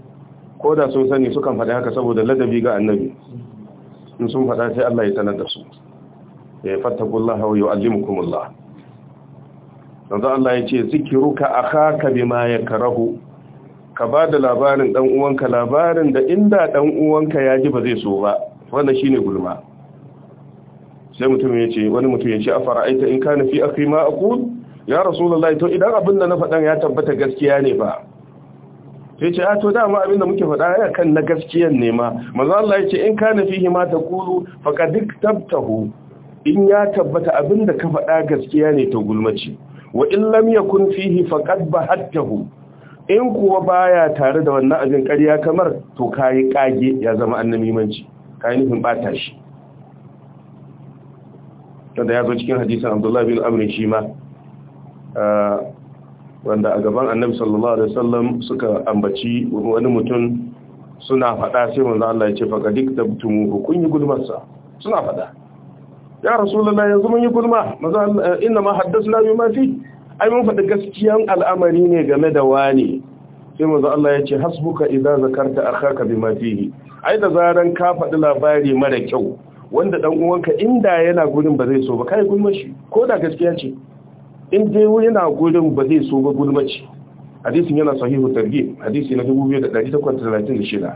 ko da sun sani sukan faɗi haka saboda ladabi ga annabi in sun faɗa sai Allah ya sanar da su ya fattakullah wa yu'allimukumullah manzo Allah ya ce zikiruka akhaka bima yakrahu ka ba da labarin dan uwanka labarin da inda dan uwanka ya ji ba zai so ba wannan shine gulma sai mutum ya ce wani mutum ya ce a fara'aita in kana fi akhi ma aqul ya rasulullahi to idan abin da na faɗan ya tabbata gaskiya ne ba sai ce a to dama abin da muke faɗa yana kan na gaskiyan ne ma Maza Allah ya ce in kana fihi ma taqulu duk iktabtahu in ya tabbata abin da ka faɗa gaskiya ne to gulmaci wa in lam yakun fihi faqad bahattahu in kuwa baya tare da wannan abin ƙarya kamar to kayi kage ya zama annabi manci kayi nufin bata shi wanda ya zo cikin hadisin abdullah bin amrin shi ma wanda a gaban annabi sallallahu alaihi wasallam suka ambaci wani mutum suna faɗa sai manzo Allah ya ce duk da tabtumu kun yi sa suna faɗa ya rasulullahi yanzu mun yi gulma manzo Allah inna ma haddathna bima fi ai mun faɗi gaskiyan al'amari ne game da wani sai manzo Allah ya ce hasbuka idza zakarta akhaka bima fihi ai da zaran ka faɗi labari mara kyau wanda dan uwanka inda yana gurin ba zai so ba kai gulma shi ko da gaskiya ce in dai yana gurin ba zai so ba gulma ce hadisin yana sahihu targhib hadisi na 2836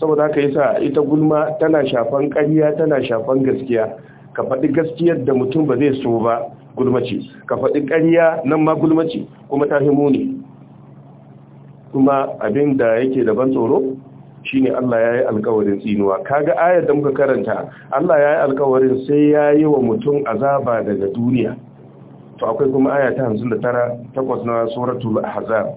saboda haka yasa ita gulma tana shafan ƙarya tana shafan gaskiya ka faɗi gaskiyar da mutum ba zai so ba gulma ka faɗi ƙarya nan ma gulma kuma ta himu ne kuma abin da yake daban tsoro shine Allah yayi alkawarin tsinuwa kaga ayar da muka karanta Allah ya yi alkawarin sai yayi wa mutum azaba daga duniya to akwai kuma aya ta tara, takwas na suratul ahzab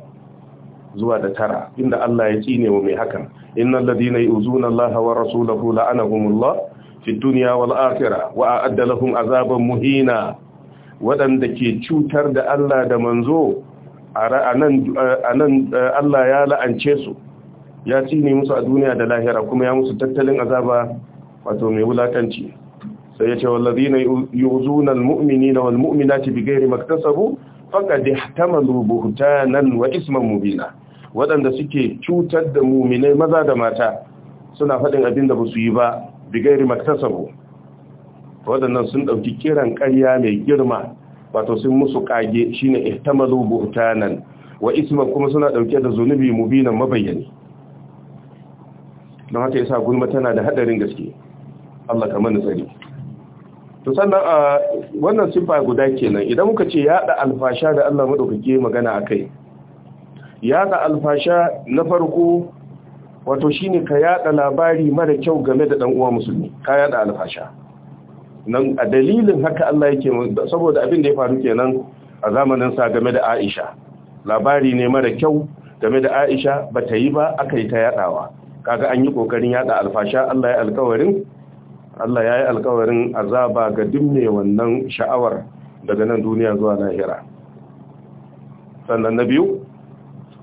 zuwa da tara inda Allah ya tsine wa mai hakan innal ladina yu'zuna Allah wa rasulahu la'anahumullah fid dunya wal akhirah wa a'adda lahum azaban muhina waɗanda ke cutar da Allah da manzo a nan Allah ya la'ance su ya ci ne musu a duniya da lahira kuma ya musu tattalin azaba wato mai wulakanci sai ya ce na yi wallazina yuzuna almu'minina walmu'minati bighairi maktasabu faqad buhuta nan wa isman mubina wadanda suke cutar da mu'minai maza da mata suna fadin abin da su yi ba bighairi maktasabu wadannan sun ɗauki kiran ƙarya mai girma wato sun musu kage shine ihtamalu buhutanan wa isman kuma suna ɗauke da zunubi mubinan mabayyani don haka yasa gulma tana da hadarin gaske Allah ka mana to sannan a wannan sifa guda kenan idan muka ce da alfasha da Allah madaukake magana akai da alfasha na farko wato shine ka yada labari mara kyau game da dan uwa musulmi ka yada alfasha nan a dalilin haka Allah yake saboda abin da ya faru kenan a zamanin sa game da Aisha labari ne mara kyau game da Aisha bata yi ba aka yi ta yadawa kaga an yi kokarin yada alfasha Allah ya alkawarin Allah ya yi alkawarin azaba ga dimme wannan sha'awar daga nan duniya zuwa lahira sannan na biyu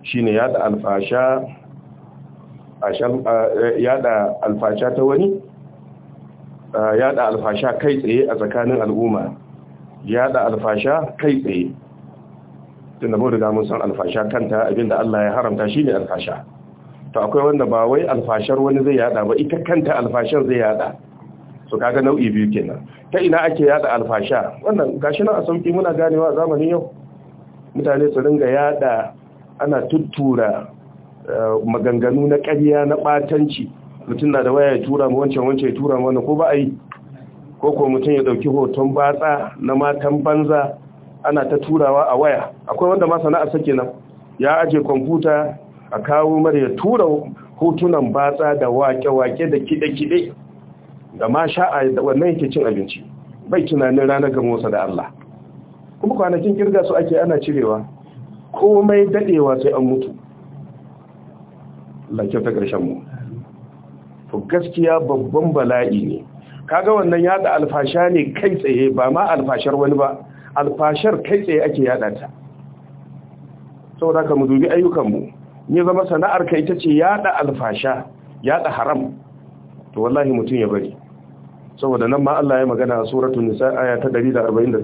shine yada alfasha yada alfasha ta wani yada alfasha kai tsaye a tsakanin al'umma yada alfasha kai tsaye tunda mun da mun san alfasha kanta abinda Allah ya haramta shine alfasha to akwai wanda ba wai alfashar wani zai yada ba ita kanta alfashar zai yada su kaga nau'i biyu kenan ta ina ake yada alfasha wannan gashi nan a sauki muna ganewa a zamanin yau mutane su ringa yada ana tuttura eh, maganganu na ƙarya na batanci. mutum na da waya ya tura mu wancan wancan ya tura mu wannan ko ba a yi ko ko mutum ya ɗauki hoton batsa na matan banza ana ta turawa a waya akwai wanda ma sana'a sake nan ya aje kwamfuta a kawo mara ya tura hotunan batsa da wake-wake da kide-kide da ma sha'a da wannan yake cin abinci bai tunanin ranar ga motsa da Allah kuma kwanakin kirga su ake ana cirewa komai daɗewa sai an mutu lakin ta ƙarshen mu to gaskiya babban bala'i ne kaga wannan yada alfasha ne kai tsaye ba ma alfashar wani ba alfashar kai tsaye ake yada ta saboda ka mu dubi ayyukan mu ya zama sana'ar ka ita ce yada alfasha yada haram to wallahi mutum ya bari saboda nan ma Allah ya magana a suratul nisa aya ta 148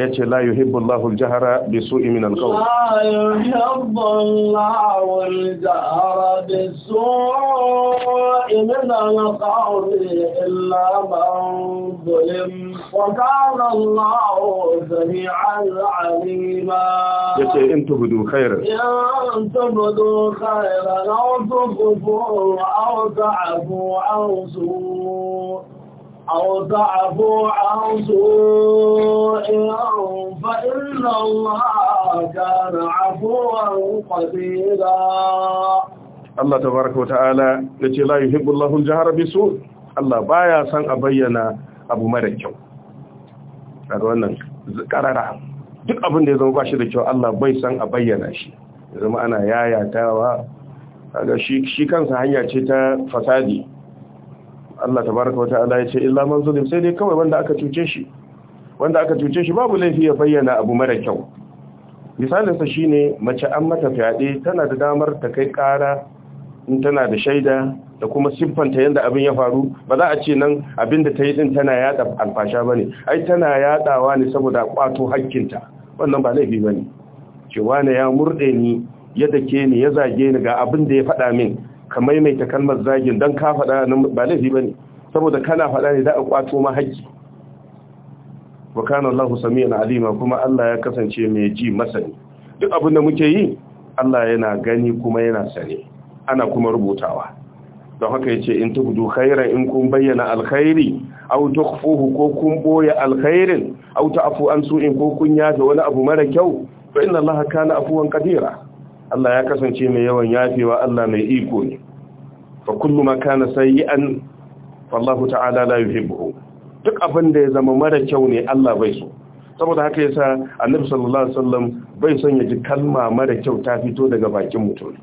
ya ce la yuhibbu Allahu al-jahra bi su'i min al-qawl la yuhibbu Allahu al-jahra bi su'i min al-qawl illa man zulim wa kana Allahu sami'an 'alima yace in tubdu khairan in tubdu khairan aw tukhfu aw ta'fu aw su'a أو تعفو عن سوء فإن الله كان عفوا قديرا الله تبارك وتعالى يقول لا يحب الله الجهر بسوء Allah baya son a bayyana abu mara kyau daga wannan karara duk abin da ya zama ba shi da kyau Allah bai son a bayyana shi zama ana yayatawa shi kansa hanya ce ta fasadi Allah tabaraka wata'ala ya ce illa man zulim sai dai kawai wanda aka cuce shi wanda aka cuce shi babu laifi ya bayyana abu mara kyau misalin sa shine mace an mata fyaɗe tana da damar ta kai ƙara in tana da shaida da kuma siffanta yadda abin ya faru ba za a ce nan abin da ta yi din tana yada alfasha bane ai tana yadawa ne saboda kwato hakkinta wannan ba laifi bane cewa ne ya murde ni ya dake ni ya zage ni ga abin da ya faɗa min ka maimaita kalmar zagin don ka faɗa nan ba laifi ba ne saboda kana faɗa ne da a ƙwato ma haƙƙi wa kana Allahu alima kuma Allah ya kasance mai ji masani duk abin da muke yi Allah yana gani kuma yana sane ana kuma rubutawa don haka ce in tubdu khairan in kun bayyana alkhairi aw tukhfuhu ko kun boye alkhairin aw ta'fu an su'in ko kun yafe wani abu mara kyau fa inna Allaha kana afuwan qadira Allah ya kasance mai yawan yafewa Allah mai iko ne fa kullu ma kana sayyi'an wallahu ta'ala la yuhibbu duk abin da ya zama mara kyau ne Allah bai so saboda haka yasa Annabi sallallahu alaihi wasallam bai son ya ji kalma mara kyau ta fito daga bakin mutum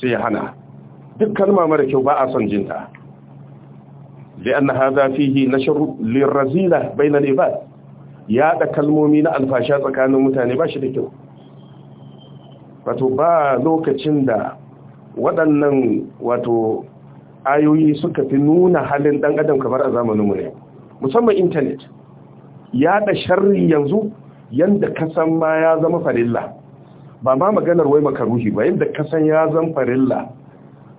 sai ya hana duk kalma mara kyau ba a son jinta لأن هذا فيه نشر للرزيلة بين العباد يا kalmomi na alfasha tsakanin mutane متاني shi da kyau wato ba lokacin da waɗannan wato ayoyi suka fi nuna halin ɗan adam kamar a zamaninmu ne musamman intanet yaɗa sharri yanzu yadda kasan ma ya zama farilla ba ma maganar wai makaruhi ba yadda kasan ya zama farilla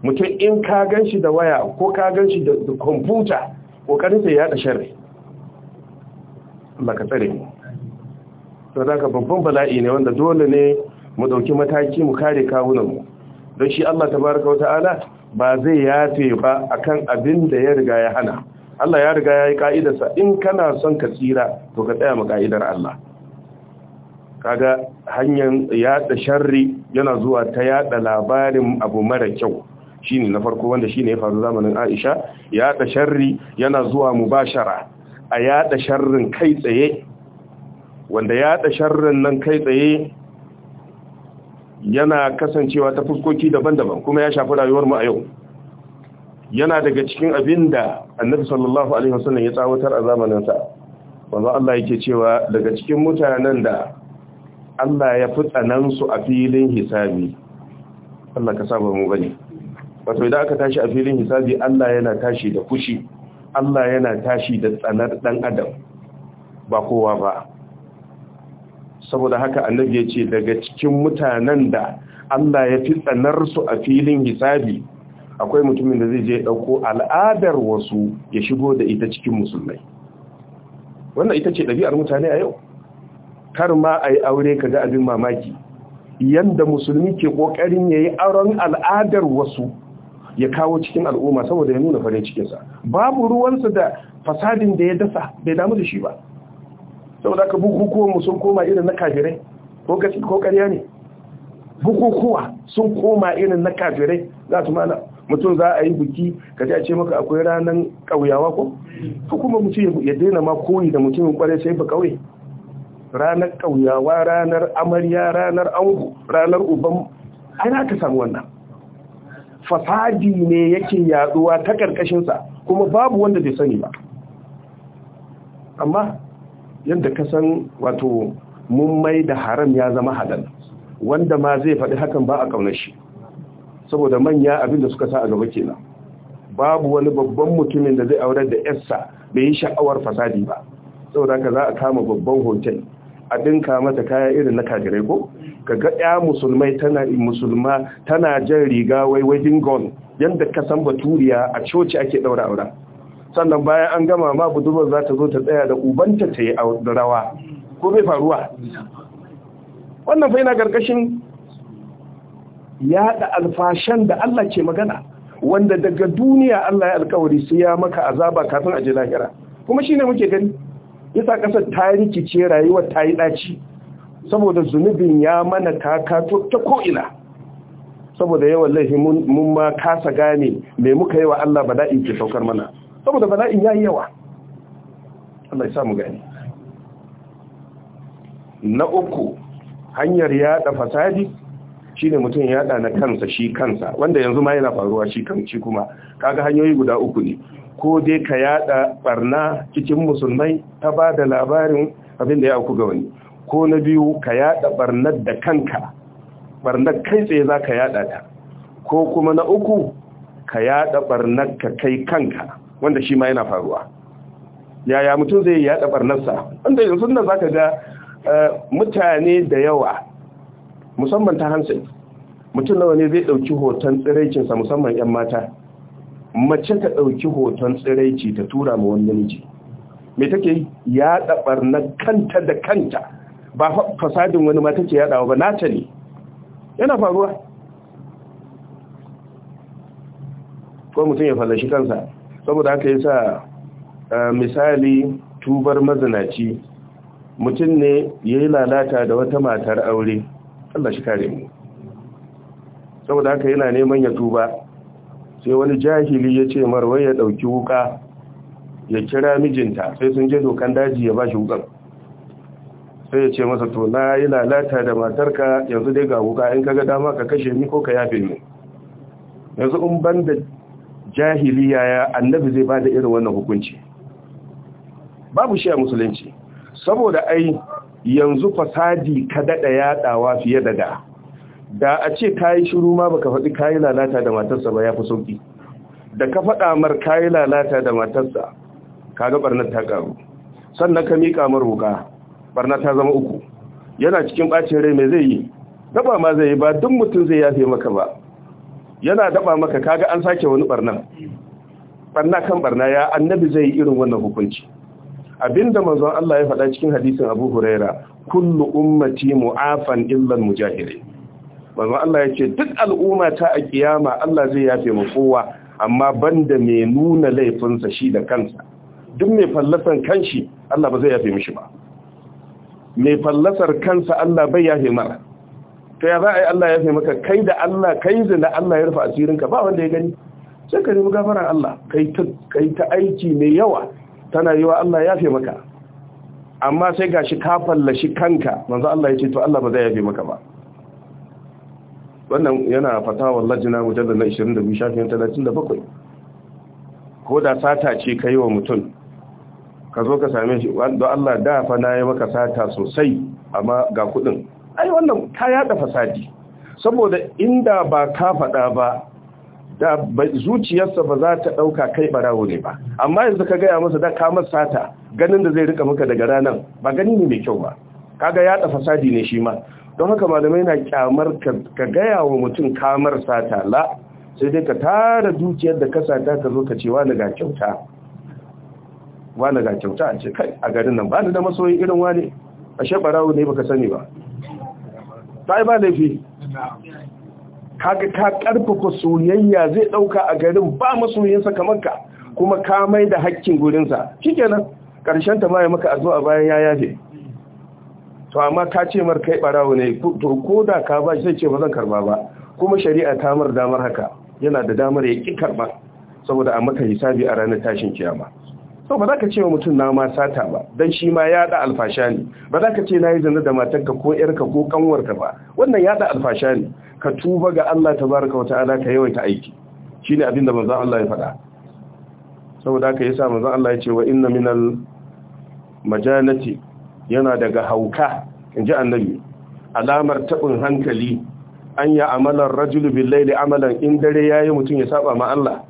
mutum in ka gan shi da waya ko ka gan shi da kwamfuta ƙoƙarin sai yaɗa sharri Allah ka tsare mu. ka babban bala'i ne wanda dole ne mu dauki mataki mu kare kawunan mu. don shi Allah tabaraka wata'ala ba zai yafe ba akan abin da ya riga ya hana Allah ya riga ya yi ƙa'idarsa in kana son ka tsira to ka tsaya mu ka'idar Allah kaga hanyar yada sharri yana zuwa ta yada labarin abu mara kyau shine na farko wanda shine ya faru zamanin Aisha yada sharri yana zuwa mubashara a yada sharrin kai tsaye wanda yada sharrin nan kai tsaye yana kasancewa ta fuskoki daban-daban kuma ya shafi rayuwar mu a yau yana daga cikin abin da annabi sallallahu alaihi wasallam ya tsawatar a zamaninsa wanda Allah yake cewa daga cikin mutanen da Allah ya fi tsanansu a filin hisabi Allah ka saba mu bane wato idan aka tashi a filin hisabi Allah yana tashi da kushi Allah yana tashi da tsanar dan adam ba kowa ba saboda haka annabi ya ce daga cikin mutanen da Allah ya fi su a filin hisabi akwai mutumin da zai je ɗauko al'adar wasu ya shigo da ita cikin musulmai wannan ita ce ɗabi'ar mutane a yau kar ma a yi aure ka ga abin mamaki yadda musulmi ke ƙoƙarin ya yi auren al'adar wasu ya kawo cikin al'umma saboda ya nuna farin cikinsa babu ruwansa da fasadin da ya dasa bai damu da shi ba saboda ka bukukuwan mu sun koma irin na kafirai ko gaske ko ƙarya ne bukukuwa sun koma irin na kafirai za su mana mutum za a yi buki ka ji a ce maka akwai ranar ƙauyawa ko ko kuma mutum ya daina ma koyi da mutumin kwarai sai ba ƙauye ranar ƙauyawa ranar amarya ranar angu, ranar uban ai na ka samu wannan fasadi ne yake yaduwa ta ƙarƙashinsa kuma babu wanda bai sani ba amma yadda ka san wato mun mai da haram ya zama halal wanda ma zai faɗi hakan ba a ƙaunar shi saboda manya abinda suka sa a gaba kenan babu wani babban mutumin da zai aurar da yarsa bai yi sha'awar fasadi ba saboda ka za a kama babban hotel a dinka mata kaya irin na kagirai ko ka ga ya musulmai tana musulma tana jan riga wai wedding gown yanda ka san baturiya a coci ake ɗaura aura sannan bayan an gama ma budurwar za ta zo ta tsaya da ubanta ta yi a rawa ko bai faruwa wannan fa yana gargashin yaɗa alfashan da Allah ke magana wanda daga duniya Allah ya alkawari su ya maka azaba kafin a je lahira kuma shine muke gani yasa kasar ta rikice rayuwa ta yi daci saboda zunubin ya mana kakato ta ko'ina saboda yawan laifin mun ma kasa gane mai muka yi wa Allah bada'i ke saukar mana saboda bala'in ya yi yawa Allah ya samu gani na uku hanyar yada fasadi shine mutum ya yada na kansa shi kansa wanda yanzu ma yana faruwa shi kanci kuma kaga hanyoyi guda uku ne ko dai ka yada barna cikin musulmai ta ba da labarin abin da ya auku ga wani ko na biyu ka yada barnar da kanka barnar kai tsaye za ka yada ta ko kuma na uku ka yada barnar ka kai kanka wanda shi ma yana faruwa yaya mutum zai yaɗa barnarsa wanda yanzu nan za ka ga eh, mutane da yawa musamman ta hansai mutum nawa ne zai ɗauki hoton tsiraicinsa musamman 'yan mata mace ta ɗauki hoton tsiraici ta tura ma wani namiji me take yaɗa ɓarnar kanta da kanta ba fasadin wani ma ke yaɗawa ba nata ne yana faruwa ko mutum ya fallashi kansa saboda haka yasa misali tubar mazinaci mutum ne yayi lalata da wata matar aure Allah shi kare mu saboda haka yana neman ya tuba sai wani jahili ya ce marwai ya ɗauki wuka ya kira mijinta sai sun je dokan daji ya ba shi wukan sai ya ce masa to na yi lalata da matarka yanzu dai ga wuka in kaga dama ka kashe ni ko ka yafe ni yanzu in ban da jahiliya ya annabi zai bada irin wannan hukunci babu shi a musulunci saboda ai yanzu fasadi ka dada yaɗawa fiye da da da a ce kayi shiru ma baka faɗi kayi lalata da matarsa ba yafi sauki da ka faɗa mar kayi lalata da matarsa kaga barnar ta karu sannan ka mika mar wuka barna ta zama uku yana cikin ɓacin rai mai zai yi daba ma zai yi ba duk mutum zai yafe maka ba yana daba maka kaga an sake wani barna barna kan barna ya annabi zai yi irin wannan hukunci abinda manzon Allah ya faɗa cikin hadisin Abu Huraira kullu ummati mu'afan illa al-mujahiri manzon Allah yace duk al'umma ta a kiyama Allah zai yafe mu kowa amma banda mai nuna laifinsa shi da kansa duk mai fallasan kanshi Allah ba zai yafe mishi ba mai fallasar kansa Allah bai yafe mara to ya za a yi Allah ya fi maka kai da Allah kai zina Allah ya rufe asirinka ba wanda ya gani sai ka nemi gafaran Allah kai ta ta aiki mai yawa tana yi wa Allah ya fi maka amma sai ga shi ka fallashi kanka manzo Allah ya ce to Allah ba zai yafe maka ba wannan yana fatawar lajina mujallal na 22 shafin 37 ko da sata ce yi wa mutum ka zo ka same shi don Allah da fa na yi maka sata sosai amma ga kuɗin? ai wannan ta yada fasadi saboda inda ba ka faɗa ba da zuciyarsa ba za ta ɗauka kai barawo ne ba amma yanzu ka gaya masa da kamar sata ganin da zai rika maka daga ranar ba gani ne mai kyau ba kaga yaɗa fasadi ne shi ma don haka malamai na kyamar ka gaya wa mutum kamar sata la sai dai ka tara dukiyar da ka sata ka zo ka ce wani ga kyauta wani ga kyauta a ce kai a garin nan ba ni da masoyi irin wani ashe ɓarawo ne baka sani ba ta ba laifi kaga ka karfafa soyayya zai dauka a garin ba masoyinsa kamar ka kuma ka mai da hakkin gurinsa shikenan karshen ta mai maka addu'a bayan ya yafe to amma ka ce mar kai barawo ne to da ka ba shi ce ba zan karba ba kuma shari'a ta mar damar haka yana da damar ya ki karba saboda a maka hisabi a ranar tashin kiyama to ba za ka ce wa mutum na ma sata ba don shi ma ya da alfasha ne ba za ka ce na yi zane da matarka ko yarka ko kanwarka ba wannan ya da alfasha ne ka tuba ga Allah ta wata ala ka yawaita aiki shine abin da manzon Allah ya faɗa saboda sa yasa manzon Allah ya ce wa inna minal majanati yana daga hauka in ji annabi alamar taɓin hankali an yi amalan rajulu bil layli amalan in dare yi mutum ya saba ma Allah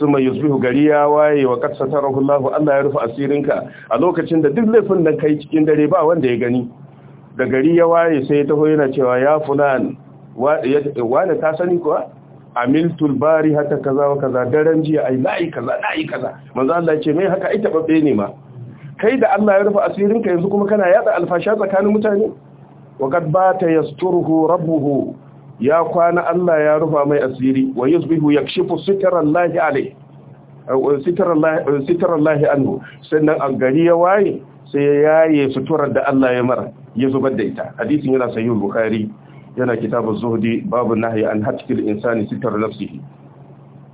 suma yusbihu gari ya waye wa qad satarahu Allah Allah ya rufa asirinka a lokacin da duk laifin da kai cikin dare ba wanda ya gani da gari ya waye sai ya taho yana cewa ya fulan wani ta sani kuwa amiltul bari hata kaza wa kaza daren jiya ai lai kaza lai kaza manzo Allah ya ce mai haka ai babbe ne ma kai da Allah ya rufa asirinka yanzu kuma kana yada alfasha tsakanin mutane wa qad bata yasturuhu rabbuhu ya kwana Allah ya rufa mai asiri wa yusbihu yakshifu sitarallahi alai sitarallahi anhu sannan a gari ya waye sai ya yaye suturar da Allah ya mara ya zubar da ita hadisin yana sahihul bukhari yana kitabuz zuhdi babu nahyi an hatkil insani sitar nafsihi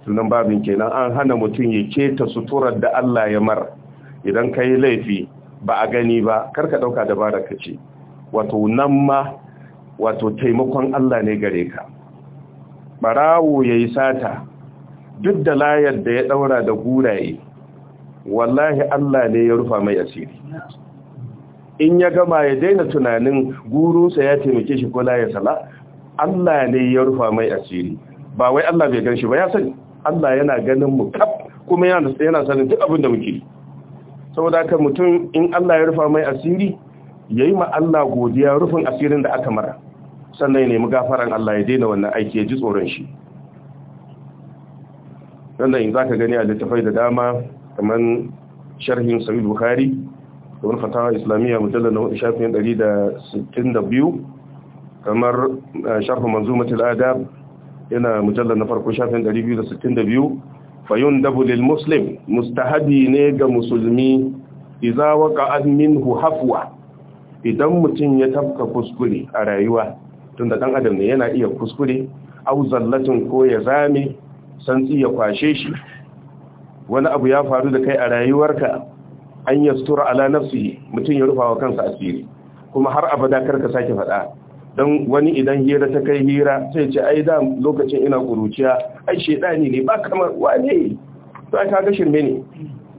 sunan babin kenan an hana mutum ya keta suturar da Allah ya mara idan kai laifi ba a gani ba karka dauka dabara kace wato nan ma wato taimakon Allah ne gare ka barawo yi sata duk da layar da ya ɗaura da guraye wallahi Allah ne ya rufa mai asiri in ya gama ya daina tunanin gurunsa ya taimake shi ko layar sala Allah ne ya rufa mai asiri ba wai Allah bai gan shi ba ya sani Allah yana ganin mu kaf kuma yana sanin duk abin da muke saboda haka mutum in Allah ya rufa mai asiri yayi ma Allah godiya rufin asirin da aka mara sannan ya nemi gafaran Allah ya daina wannan aiki ya ji tsoron shi sannan in ka gani a littafai da dama kamar sharhin sahih bukari da wani fatawa islamiyya mujallar na hudu shafin 162 kamar eh, sharhu matil adab yana mujallar na farko shafin 262 fayun dabu lil muslim mustahabi ne ga musulmi izawa waqa'a minhu hafuwa idan mutum ya tafka kuskure a rayuwa tun da ɗan adam ne yana iya kuskure au zallatin ko ya zame santsi ya kwashe shi wani abu ya faru da kai a rayuwarka an yi sutura ala nafsi mutum ya rufa wa kansa asiri kuma har abada karka sake faɗa don wani idan hira ta kai hira sai ce ai da lokacin ina kuruciya ai shedani ne ba kamar wane to ai kaga shirme ne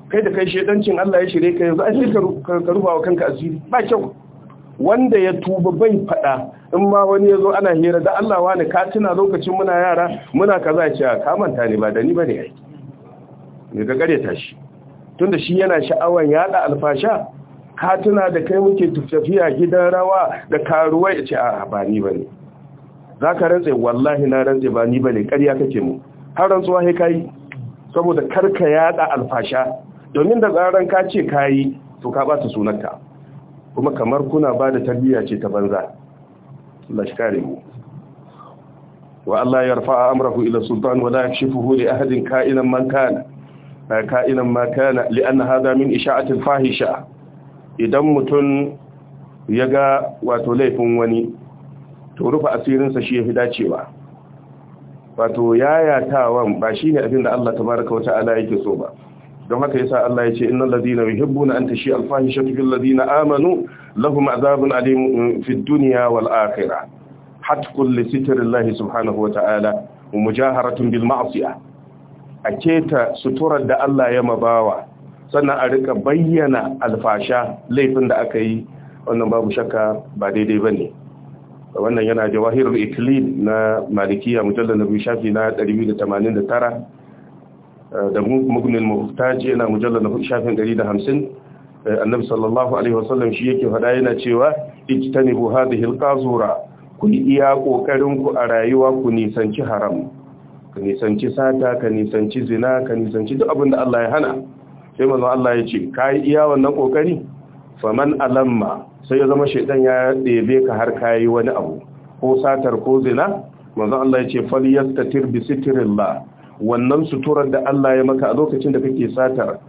kai da kai shedancin Allah ya shirye ka yanzu ai ka rufa wa kanka asiri ba kyau wanda ya tuba bai faɗa in ma wani ya zo ana hira da Allah wani ka tuna lokacin muna yara muna kaza ce ka manta ne ba da ni ne ai ne ga gare ta shi tunda shi yana sha'awar yada alfasha ka da kai muke tafiya gidan rawa da karuwai ce a ba ni Za ka rantse wallahi na rantse ba ni ba ne, karya kake mu har rantsuwa sai kai saboda karka yada alfasha domin da tsaron ka ce kayi to ka bata sunanta. kuma kamar kuna ba da tarbiyya ce ta banza Allah shi kare mu wa Allah ya rafa amrahu ila sultan wa la yakshifuhu li ahadin ka'inan man kana eh, ka'inan ma kana li'anna hadha min isha'ati al-fahisha idan mutun yaga wato laifin wani to rufa asirin sa shi yafi dacewa wato yayatawan ba shine abin da Allah tabaaraka wa ta'ala yake so ba don haka yasa Allah ya ce innal ladina yuhibbuna an tashi al-fahishatu fil ladina amanu lahum azabun alim mm, fid dunya wal akhirah hatkul li sitrillahi subhanahu wa ta'ala wa mujaharatun bil ma'siyah a keta suturar da Allah ya mabawa sannan a rika bayyana alfasha laifin da aka yi wannan babu shakka ba daidai ba ne wannan yana jawahirul iklil na malikiya mujallar na biyu shafi na 289 da mugnin muhtaji yana mujallar na shafin 150 eh, annabi sallallahu alaihi wasallam shi yake faɗa yana cewa ijtanibu hadhihi alqazura ku iya kokarin ku a rayuwa ku nisanci haram ka nisanci sata ka nisanci zina ka nisanci duk abin da Allah ya hana sai manzo Allah ya ce kai iya wannan kokari faman alamma sai ya zama shaidan ya ɗebe ka har kayi wani abu ko satar ko zina manzo Allah ya ce falyastatir bi sitrillah wannan suturar da Allah ya maka a lokacin da kake satar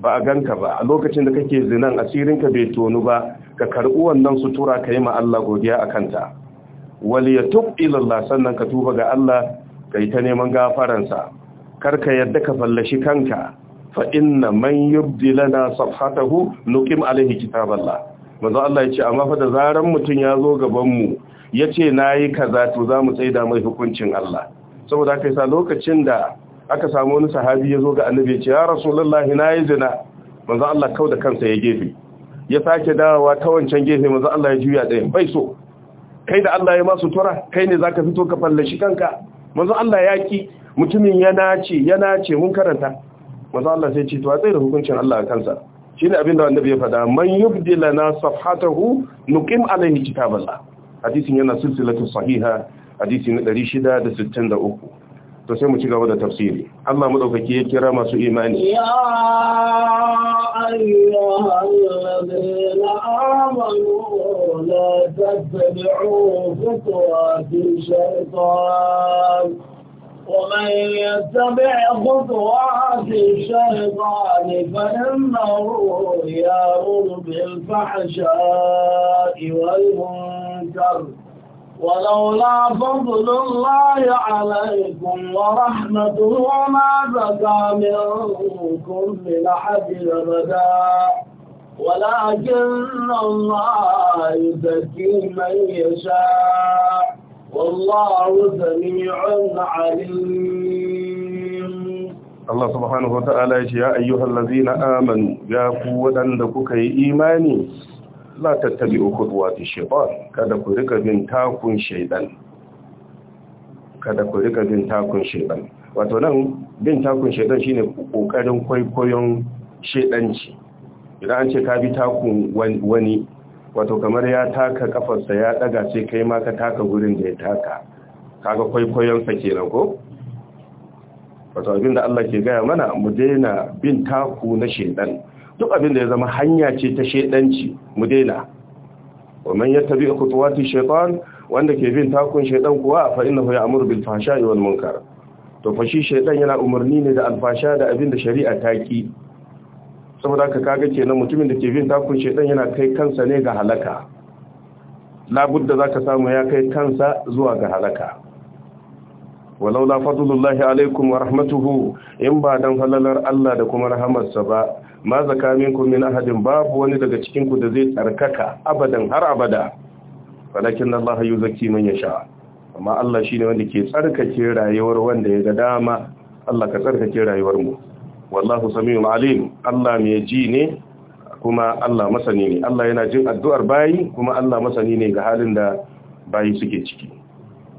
ba a ganka ba a lokacin da kake zinan asirinka bai tonu ba ka karɓi wannan sutura ka yi ma Allah godiya a kanta wali ya tuk ilallah sannan ka tuba ga Allah ka yi ta neman gafaransa kar ka yadda ka fallashi kanka fa inna man yubdilana safhatahu nuqim alaihi kitaballah manzo Allah ya ce amma fa da zaran mutun ya zo gaban mu yace nayi kaza to za mu tsaida mai hukuncin Allah saboda haka sa lokacin da aka samu wani sahabi ya zo ga annabi ya ce ya rasulullahi na yi zina manzo Allah kau da kansa ya gefe ya sake dawowa ta wancan gefe manzo Allah ya juya ɗayan bai so kai da Allah ya masu tura? kai ne zaka fito ka fallashi kanka manzo Allah ya ki mutumin ya ce, ya nace mun karanta manzo Allah sai ce to a tsaye da hukuncin Allah a kansa shine abin da annabi ya faɗa man yubdilana safhatahu nuqim alaihi kitaballah hadisin yana silsilatu sahiha hadisi na 663 to sai mu ci gaba da tafsiri Allah madaukaki ya kira masu imani ya ayyuhallazina amanu la tattabi'u khutuwati shaytan ومن يتبع خطوات الشيطان فإنه يأمر بالفحشاء والمنكر ولولا فضل الله عليكم ورحمته وما زكى منكم من احد ابدا ولكن الله يزكي من يشاء والله سميع عليم الله سبحانه وتعالى يا ايها الذين امنوا يا قوه عندك ايماني la tattabi'u khutuwati shaitan kada ku rika bin takun shaitan kada ku rika bin takun shaitan wato nan bin takun shaitan shine kokarin kwaikwayon shaitanci idan an ce ka bi takun wani wato kamar ya taka kafarsa ya daga sai kai ma ka taka gurin da ya taka kaga kwaikwayon sa kenan ko wato abinda Allah ke gaya mana mu daina bin taku na shaitan duk abin da ya zama hanya ce ta shedanci mu daina wa man yattabi khutuwati shaytan wanda ke bin takun shaytan kuwa fa innahu ya'muru bil fahsha'i wal munkar to fa shi shaytan yana umarni ne da alfasha da abin da shari'a ta ki saboda ka kaga kenan mutumin da ke bin takun shaytan yana kai kansa ne ga halaka labudda zaka samu ya kai kansa zuwa ga halaka walaula fadlullahi alaikum wa rahmatuhu in ba dan falalar Allah da kuma rahamarsa ba ma zakamin ku min ahadin babu wani daga cikin ku da zai tsarkaka abadan har abada walakin Allah zaki man yasha amma Allah shine wanda ke tsarkake rayuwar wanda ya ga dama Allah ka tsarkake rayuwar mu wallahu sami'u alim Allah mai ji ne kuma Allah masani ne Allah yana jin addu'ar bayi kuma Allah masani ne ga halin da bayi suke ciki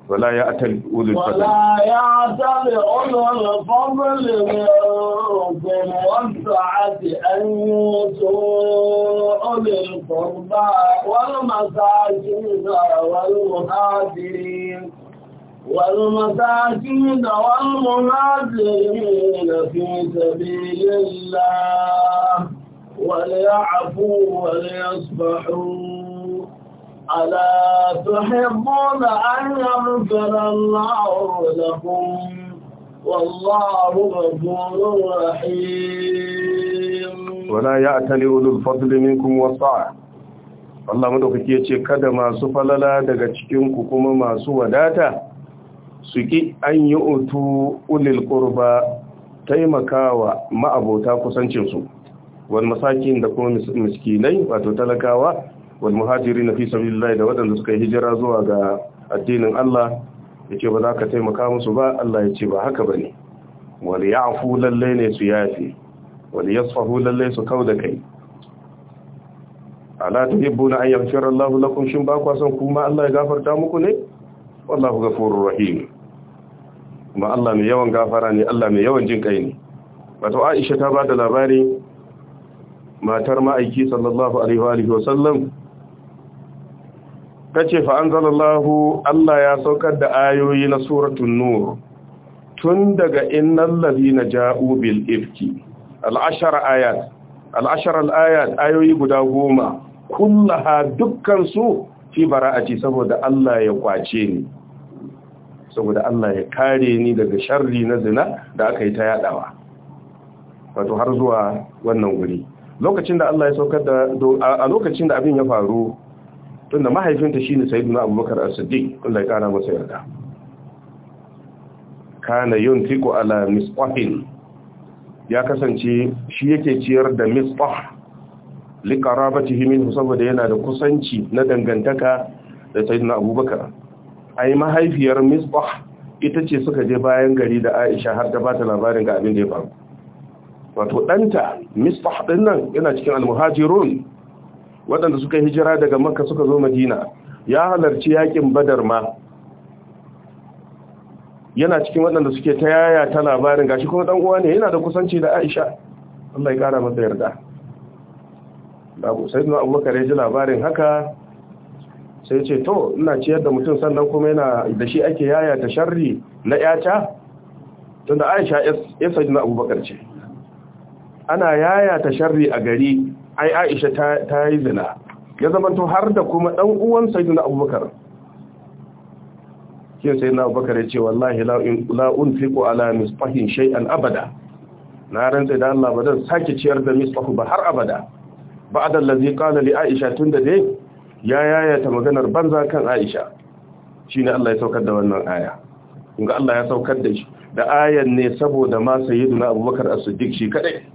ولا يأتل أولي الفضل ولا يأتل أولي الفضل منكم والسعة أن يؤتوا أولي القربى والمساكين والمهاجرين والمساكين والمهاجرين في سبيل الله وليعفوا وليصبحوا ألا تحبون أن يغفر الله لكم والله غفور رحيم ولا يأتني أولو الفضل منكم والسعة Allah madaukaki ya ce kada masu falala daga cikinku kuma masu wadata su ki an yi utu ulil qurba taimakawa ma'abota kusancinsu wal masakin da kuma miskinai wato talakawa wal muhajirin fi sabilillah da waɗanda suka yi hijira zuwa ga addinin Allah yace ba za ka taimaka musu ba Allah yace ba haka bane wal ya'fu lalle ne su yafi wal yasfahu lalle su kauda kai ala tuhibbuna an yaghfira Allahu lakum shin ba kwa son kuma Allah ya gafarta muku ne wallahu ghafurur rahim kuma Allah mai yawan gafara ne Allah mai yawan jin kai ne wato Aisha ta bada labari matar ma'aiki sallallahu alaihi wa sallam Ta ce fa anzalallahu Allah ya saukar da ayoyi na suratun nur tun daga innal na ja'u bil ifki al-ashar al ayoyi guda goma kullaha dukkan fi ce saboda Allah ya kwace ni saboda Allah ya kare ni daga sharri na zina da aka yi ta yadawa wato har zuwa wannan wuri lokacin da Allah ya saukar da a lokacin da abin ya faru tunda mahaifinta shine na abubakar as-siddiq Allah ya kara masa yarda kana yuntiqu ala misqatin ya kasance shi yake ciyar da misqah liqarabatihi minhu saboda yana da kusanci na dangantaka da na abubakar ai mahaifiyar misqah ita ce suka je bayan gari da Aisha har ta bata labarin ga abin da ya faru wato danta misqah din nan yana cikin al waɗanda suka hijira daga makka suka zo madina ya halarci yakin badar ma yana cikin waɗanda suke ta yaya ta labarin gashi kuma ɗan uwa ne yana da kusanci da aisha Allah ya ƙara masa yarda babu sai na abubakar ya ji labarin haka sai ce to ina ciyar da mutum sannan kuma yana da shi ake yaya ta sharri na yata tunda aisha ya sai na abubakar ce ana yaya ta sharri a gari ai Aisha ta yi zina ya zamanto har da kuma dan uwan sayyidina Abubakar kin sayyidina Abubakar ya ce wallahi la la unfiqu ala misfahin shay'an abada na rantsa da Allah ba zan sake ciyar da misfahu ba har abada ba'da allazi qala li Aisha tunda dai ya yayata maganar banza kan Aisha shine Allah ya saukar da wannan aya ga Allah ya saukar da shi da ayan ne saboda ma sayyiduna Abubakar As-Siddiq shi kadai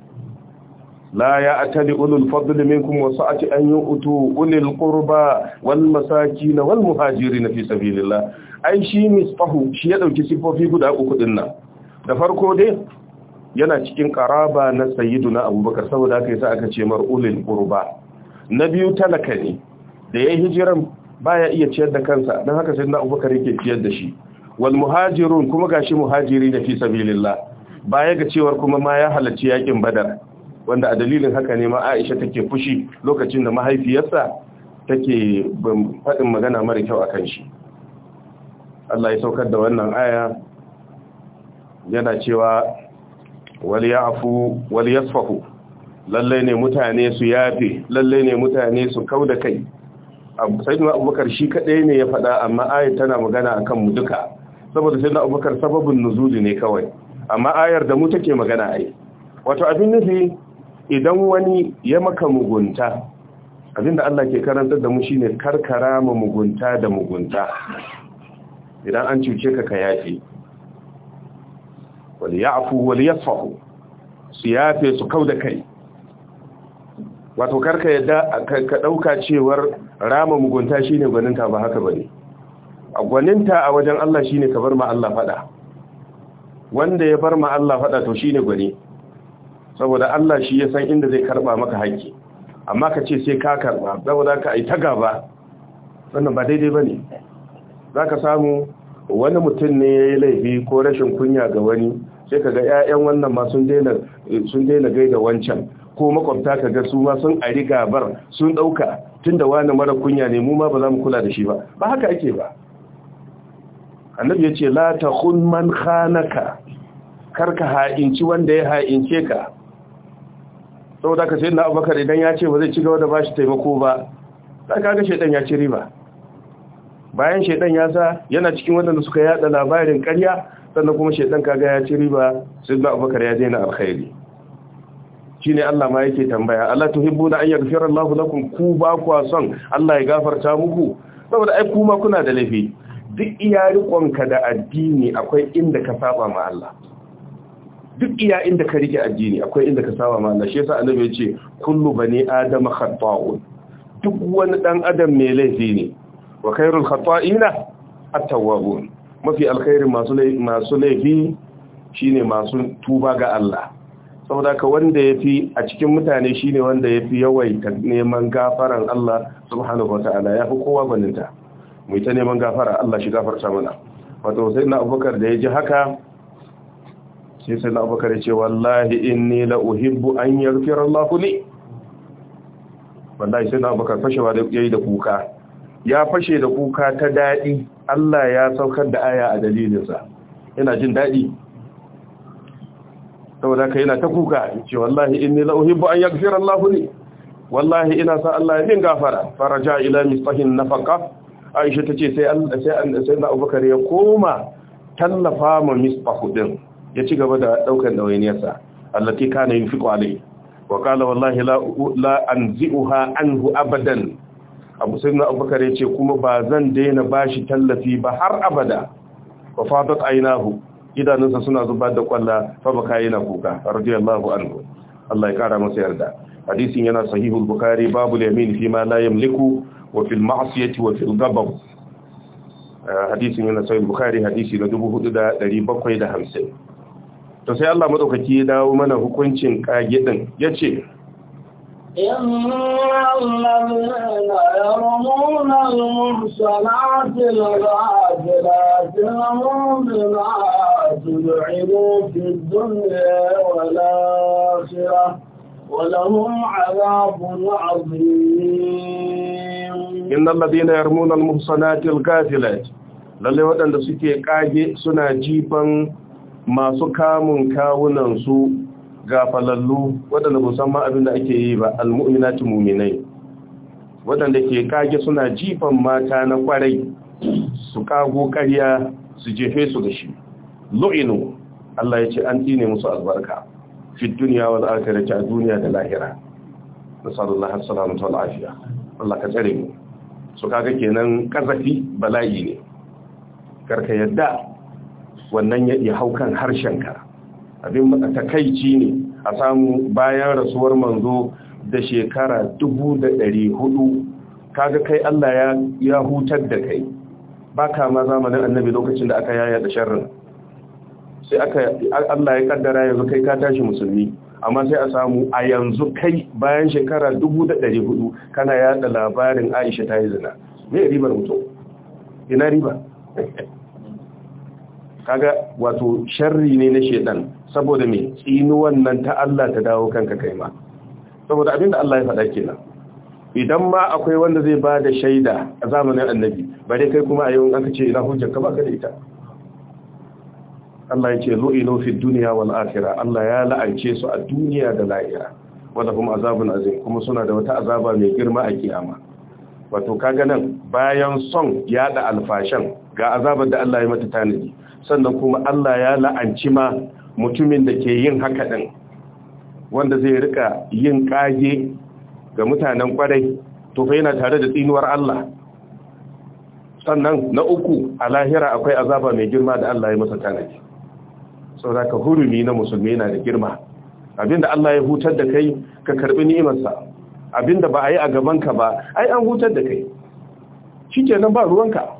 لا يأتل أولو الفضل منكم وسعة أن يؤتوا أولي القربى والمساكين والمهاجرين في سبيل الله أي شيء مصطفه شيء يدوك سفو في قد أكدنا دفرقو دي yana cikin karaba na na abubakar saboda haka yasa aka ce mar'ulil qurba na biyu talaka ne da yayin hijiran baya iya ciyar da kansa dan haka sai na abubakar yake ciyar da shi wal muhajirun kuma gashi muhajiri da fi sabilillah baya ga cewar kuma ma ya halarci yakin badar wanda a dalilin haka ne ma Aisha take fushi lokacin da mahaifiyarsa take faɗin magana mara kyau akan shi Allah ya saukar da wannan aya yana cewa wal ya'fu wal yasfahu lalle ne mutane su yafe lalle ne mutane su kauda kai sayyidina Abubakar shi kaɗai ne ya faɗa amma aya tana magana akan mu duka saboda sayyidina Abubakar sababin nuzuli ne kawai amma ayar da mu take magana ai wato abin nufi idan wani ya maka mugunta abinda Allah ke karanta da mu shine karkara ma mugunta da mugunta idan an cuce ka ka yafi wal ya'fu wal yasfahu su yafe su kauda kai wato karka yadda ka dauka cewar rama mugunta shine gwaninta ba haka bane gwaninta a wajen Allah shine ka bar ma Allah fada wanda ya bar ma Allah fada to shine gwani saboda Allah shi ya san inda zai karba maka haƙƙi amma ka ce sai ka karba saboda ka ai ta gaba wannan ba daidai bane zaka samu wani mutum ne yayi laifi ko rashin kunya ga wani sai kaga ƴaƴan wannan ma sun daina sun daina gaida wancan ko makwabta kaga su ma sun ari gabar sun dauka tunda wani mara kunya ne mu ma ba za mu kula da shi ba ba haka ake ba annabi ya ce la ta man khanaka karka ha'inci wanda ya ha'ince ka saboda ka sai na abubakar idan ya ce ba zai ci gaba da bashi taimako ba ta kaga shaidan ya ci riba bayan shaidan ya sa yana cikin waɗanda suka yada labarin karya sannan kuma shaidan kaga ya ci riba sai na abubakar ya daina alkhairi Shi ne Allah ma yake tambaya Allah hibbu na an gafiyar Allah lakum ku ba ku son Allah ya gafarta muku saboda ai kuma kuna da laifi duk iya riƙonka da addini akwai inda ka saba ma Allah duk iya inda ka rike addini akwai inda ka saba ma Allah shi yasa annabi ya ce kullu bani adama khata'un duk wani dan adam mai laifi ne wa khairul khata'ina at-tawwabun mafi alkhairin masu masu laifi shine masu tuba ga Allah saboda ka wanda yafi a cikin mutane shine wanda ya fi yawaita neman gafaran Allah subhanahu wa ta'ala ya fi kowa baninta mu ta neman gafara Allah shi gafarta mana wato sai na abubakar da ya ji haka sai sai na abubakar ya ce wallahi in la uhibbu an rufiyar Allah ne wallahi sai na abubakar fashewa da yi da kuka ya fashe da kuka ta daɗi. Allah ya saukar da aya a dalilinsa yana jin daɗi saboda kai yana ta kuka ce wallahi in la uhibbu an rufiyar Allah ne wallahi ina sa Allah ya min gafara faraja ila mistahin nafaqa Aisha ta ce sai na Abubakar ya koma tallafa ma misbahu ya ci gaba da daukar dawainiyarsa allati kana yunfiqu alayhi wa qala wallahi la la anzi'uha anhu abadan abu sayyidina abubakar ce kuma ba zan daina bashi tallafi ba har abada wa fadat aynahu idanunsa suna zubar da kwalla fa baka yana kuka radiyallahu anhu Allah ya kara masa yarda hadisin yana sahihul bukhari babul yamin fi ma la yamliku wa fil ma'siyati wa fil ghadab eh, hadisin yana sahihul bukhari hadisi na 4750 to sai Allah madaukaki ya dawo mana hukuncin kagidin yace Inna ladina yarmuna al-muhsanati al-ghafilat lalle wadanda suke kage suna jifan masu kamun kawunan su ga falallu waɗanda musamman abin da ake yi ba almumina muminai waɗanda ke kage suna jifan mata na kwarai su kago karya su jefe su da shi lu'inu Allah ya ce an tsine musu albarka fi duniya wal akhirati a duniya da lahira alaihi wa Allah ka tsare mu su kaga kenan kazafi bala'i ne karka yadda wannan ya hau kan ka. abin takaici ne a samu bayan rasuwar manzo da shekara dubu kaga kai Allah ya hutar da kai ba ka ma zamanin annabi lokacin da aka yaya da sharrin sai aka Allah ya kaddara yanzu kai ka tashi musulmi amma sai a samu a yanzu kai bayan shekara dubu kana yada labarin Aisha ta yi zina me ribar mutum ina riba kaga wato sharri ne na shedan saboda me tsinuwan nan ta Allah ta dawo kanka kai ma saboda abinda Allah ya faɗa kenan idan ma akwai wanda zai ba da shaida a zamanin annabi bare kai kuma a yau aka ce ina ba ka baka da ita Allah ya ce lu'inu fi dunya wal akhirah Allah ya la'ance su a duniya da lahira wanda kuma azabun azim kuma suna da wata azaba mai girma a kiyama wato kaga nan bayan son yada alfashan ga azabar da Allah ya mata tanadi sannan kuma Allah ya la'anci ma mutumin da ke yin haka ɗin wanda zai rika yin ƙage ga mutanen ƙwarai to fa yana tare da tsinuwar Allah sannan na uku a lahira akwai azaba mai girma da Allah ya masa tanadi sau da ka hurumi na musulmi yana da girma abinda Allah ya hutar da kai ka karbi ni'imarsa abinda ba a yi a gabanka ba ai an hutar da kai shi kenan ba ruwanka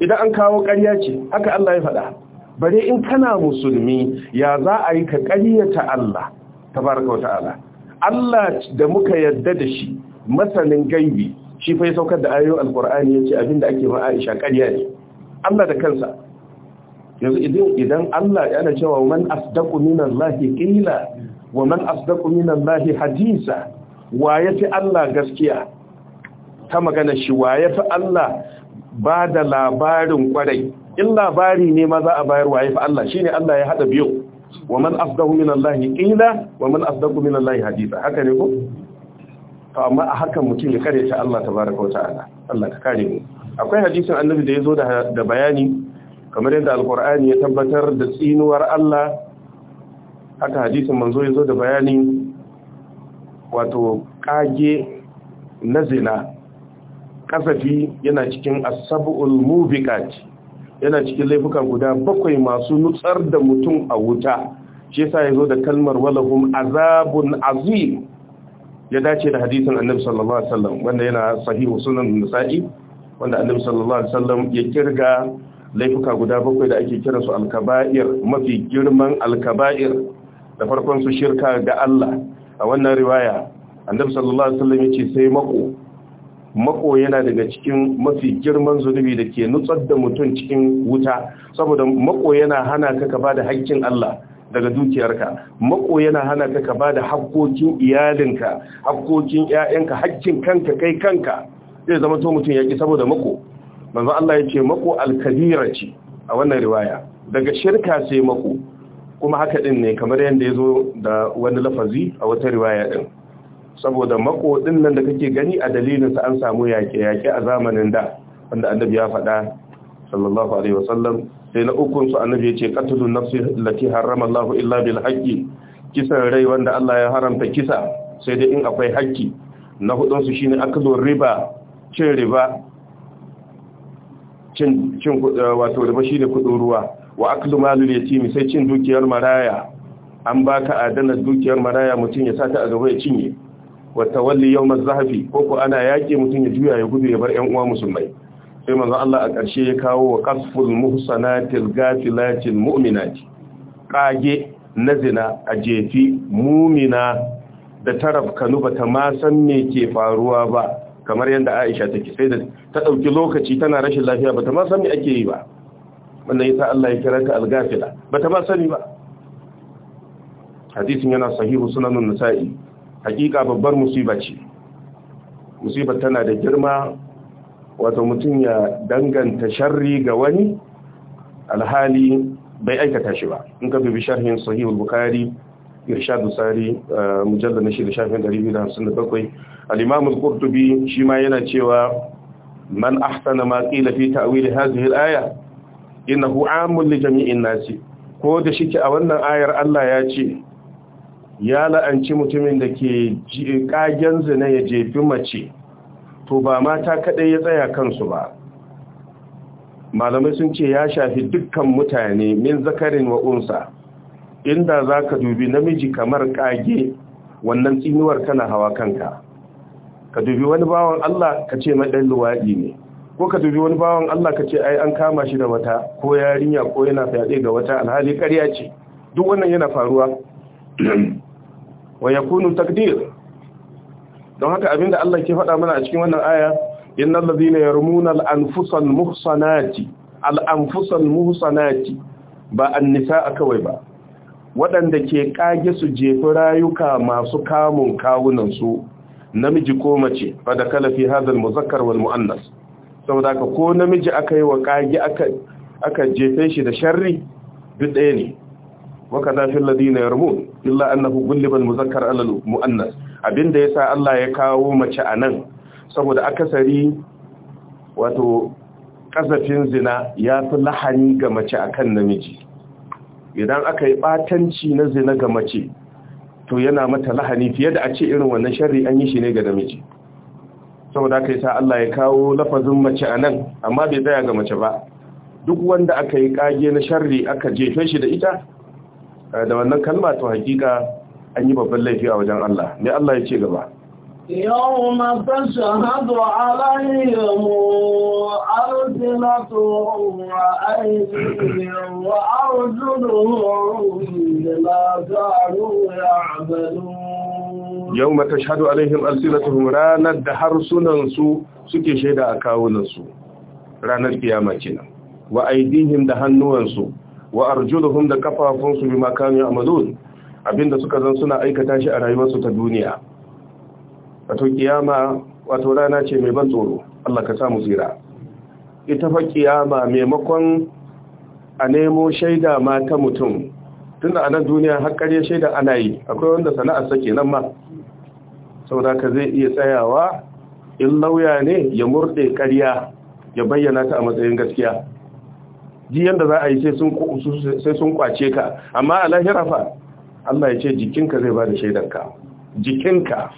idan an kawo ƙarya ce haka Allah ya faɗa bare in kana musulmi ya za a yi ka ƙaryata Allah tabaraka wa ta'ala Allah da muka yarda da shi masanin gaibi shi fa ya saukar da ayoyin alqur'ani yace abinda ake ma Aisha ƙarya ne Allah da kansa yanzu idan Allah yana cewa man asdaqu minallahi qila wa man asdaqu minallahi hadisa wa yafi Allah gaskiya ta magana shi wa yafi Allah ba da labarin kwarai in labari ne ma za a bayar wa haifa Allah Shi ne Allah ya haɗa biyu wa man afdahu min Allah qila wa man afdahu min Allah hadisa haka ne ku? to amma a hakan mutum ya kare ta Allah tabaraka wa ta'ala Allah ka kare mu akwai hadisin annabi da ya zo da bayani kamar yadda alqur'ani ya tabbatar da tsinuwar Allah haka hadisin manzo ya zo da bayani wato kage na zina kasafi yana cikin asab'ul mubiqat yana cikin laifuka guda bakwai masu nutsar da mutum a wuta shi yasa yazo da kalmar walahum azabun azim ya dace da hadisin annabi sallallahu alaihi wasallam wanda yana sahihu sunan nasa'i wanda annabi sallallahu alaihi wasallam ya kirga laifuka guda bakwai da ake kira su alkaba'ir mafi girman alkaba'ir da farkon su shirka ga Allah a wannan riwaya annabi sallallahu alaihi wasallam ce sai mako mako yana daga cikin mafi girman zunubi da ke nutsar da mutum cikin wuta saboda mako yana hana ka ka bada haƙƙin Allah daga dukiyarka mako yana hana ka ka bada haƙƙoƙin iyalinka haƙƙoƙin ƴaƴanka haƙƙin kanka kai kanka zai zama to mutum yaki saboda mako manzo Allah ya ce mako al-kabira ce a wannan riwaya daga shirka sai mako kuma haka din ne kamar yadda ya zo da wani lafazi a wata riwaya din saboda makodin nan da kake gani a dalilin sa an samu yaƙe-yaƙe a zamanin da wanda annabi ya faɗa sallallahu alaihi wasallam sai na ukun su annabi ya ce qatlu nafsi allati harrama Allahu illa bil haqqi kisan rai wanda Allah ya haramta kisa sai dai in akwai haƙƙi na hudun su shine akalu riba cin riba cin cin eh, wato riba shine kudin ruwa wa aklu malul yatim sai cin dukiyar maraya an baka adana dukiyar maraya mutum ya sata a gaba ya cinye Wata walli yau zahafi ko ku ana yaki mutum ya juya ya gudu ya bar ƴan uwa musulmai sai manzo Allah a ƙarshe ya kawo wa qasful muhsanatil ghafilatil mu'minati kage na zina a jefi mumina da taraf kanu bata ma san me ke faruwa ba kamar yadda Aisha take sai da ta dauki lokaci tana rashin lafiya bata ma san me ake yi ba wannan yasa Allah ya kira ta al-ghafila bata ma sani ba hadisin yana sahihu sunanun nisa'i hakika babbar musiba ce musibar tana da girma wato mutum ya danganta sharri ga wani alhali bai aikata shi ba in ka dubi sharhin sahihul bukhari irshadu sari eh, mujallal na shida shafin 257 al-imam al-qurtubi shi ma yana cewa man ahsana ma qila fi ta'wil hadhihi al-aya innahu amun li jami'in nasi ko da shike a wannan ayar Allah ya ce ya la'anci mutumin da ke kagen zina ya jefi mace to ba mata kaɗai ya tsaya kansu ba malamai sun ce ya shafi dukkan mutane min zakarin wa unsa inda za ka dubi namiji kamar kage wannan tsinuwar kana hawa kanka ka dubi wani bawan Allah ka ce maɗan luwaɗi ne ko ka dubi wani bawan Allah ka ce ai an kama shi da wata ko yarinya ko yana fyaɗe ga wata alhali ƙarya ce duk wannan yana faruwa wa yakunu takdir don haka abinda Allah ke faɗa mana a cikin wannan aya innal ladina yarmuna al-anfusal muhsanati al-anfusal muhsanati ba an-nisaa kawai ba waɗanda ke kage su jefi rayuka masu kamun kawunan su namiji ko mace fa da kala fi hadha al-muzakkar wal muannas saboda ka ko namiji aka yi wa kage aka aka jefe shi da sharri duk ɗaya ne وكذا في الذين يرمون إلا Annahu قلب المذكر على المؤنث abin da yasa Allah ya kawo mace a nan saboda akasari wato kasafin zina ya fi lahani ga mace akan namiji idan aka yi batanci na zina ga mace to yana mata lahani fiye da a ce irin wannan sharri an yi shi ne ga namiji saboda aka yi sa Allah ya kawo lafazin mace a nan amma bai saya ga mace ba duk wanda aka yi kage na sharri aka jefe shi da ita Eh, da wannan kalma to hakika an yi babban laifi a wajen Allah ne Allah ya ce gaba yawon abinci hadu alayyamu yau alaihim alsinatu ranar da harsunansu suke shaida a ranar kiyama ce wa aidihim da hannuwansu wa arjuluhum da kafafunsu bi ya amalun abinda suka zan suna aikata shi a rayuwarsu ta duniya wato kiyama wato rana ce mai ban tsoro Allah ka sa mu tsira ita fa kiyama maimakon a nemo shaida ma ta mutum tunda a nan duniya har kare shaida ana yi akwai wanda sana'ar sa nan ma saboda ka zai iya tsayawa in lauya ne ya murde ƙarya ya bayyana ta a matsayin gaskiya ji yadda za a yi sai sun kwace ka amma a lahira fa Allah ya ce jikinka zai ba da shaidanka jikinka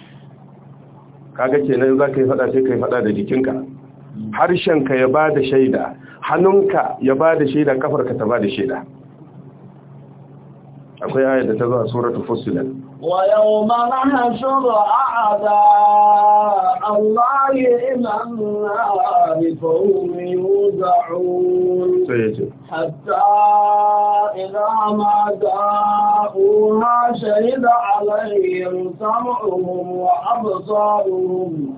kaga kenan za ka yi fada sai ka yi fada da jikinka harshenka ya ba da shaida hannunka ya ba da shaida kafarka ta ba da shaida akwai ayar ta zuwa suratu suratul ويوم نحشر أعداء الله إلى النار فهم يوزعون حتى إذا ما جاءوها شهد عليهم سمعهم وأبصارهم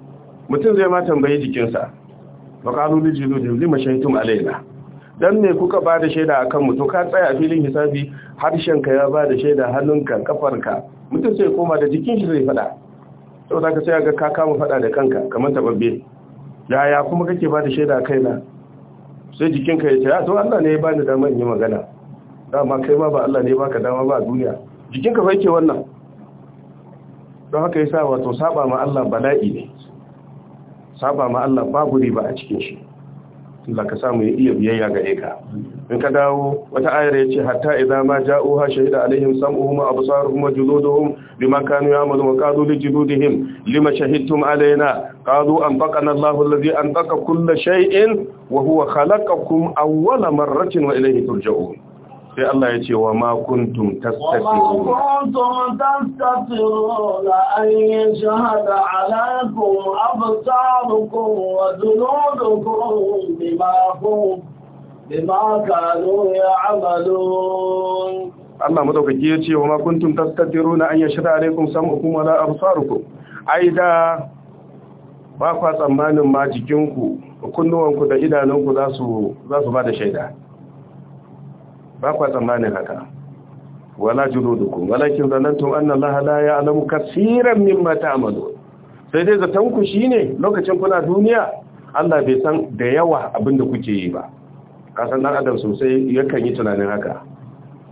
mutum zai ma tambayi jikinsa ba ƙalu da jizo da lima shaitun alaina don ne kuka ba da shaida a kan mutum ka tsaya a filin hisabi harshenka ya ba da shaida hannunka kafarka mutum sai koma da jikin shi zai faɗa sau da ka sai ga ka kama faɗa da kanka kamar taɓaɓɓe yaya kuma kake ba da shaida a kaina sai jikinka ya ce ya ah, to Allah ne ya bani damar yi magana dama kai ma ba Allah ne ya baka dama ba a duniya jikinka fa yake wannan don haka yasa wato saba ma Allah bala'i ne saba ma Allah babu riba a cikin shi Allah ka samu ya iya biyayya gare ka in ka dawo wata ayar yace hatta idza ma ja'uha shahida alaihim sam'uhum wa absaruhum wa juluduhum bima kanu ya'malun wa qalu li juludihim lima shahidtum alaina qalu anfaqana Allahu alladhi anfaqa kulla shay'in wa huwa khalaqakum awwala marratin wa ilayhi turja'un sai Allah ya ce wa ma kuntum tastatirun wa kuntum tastatirun an yashhada alaykum absarukum wa dunudukum bima kuntum bima kanu ya'malun Allah madaukaki ya ce wa ma kuntum tastatirun an yashhada alaykum sam'ukum wa la absarukum aida ba kwa tsammanin ma jikinku kunnuwanku da idanunku za su ba da shaida ba kwa tsammanin haka wala juludukum walakin zanantum anna allaha la ya'lamu kaseeran mimma ta'malun sai dai zatan ku shine lokacin kuna duniya Allah bai san da yawa abinda kuke yi ba kasan dan adam sosai yakan yi tunanin haka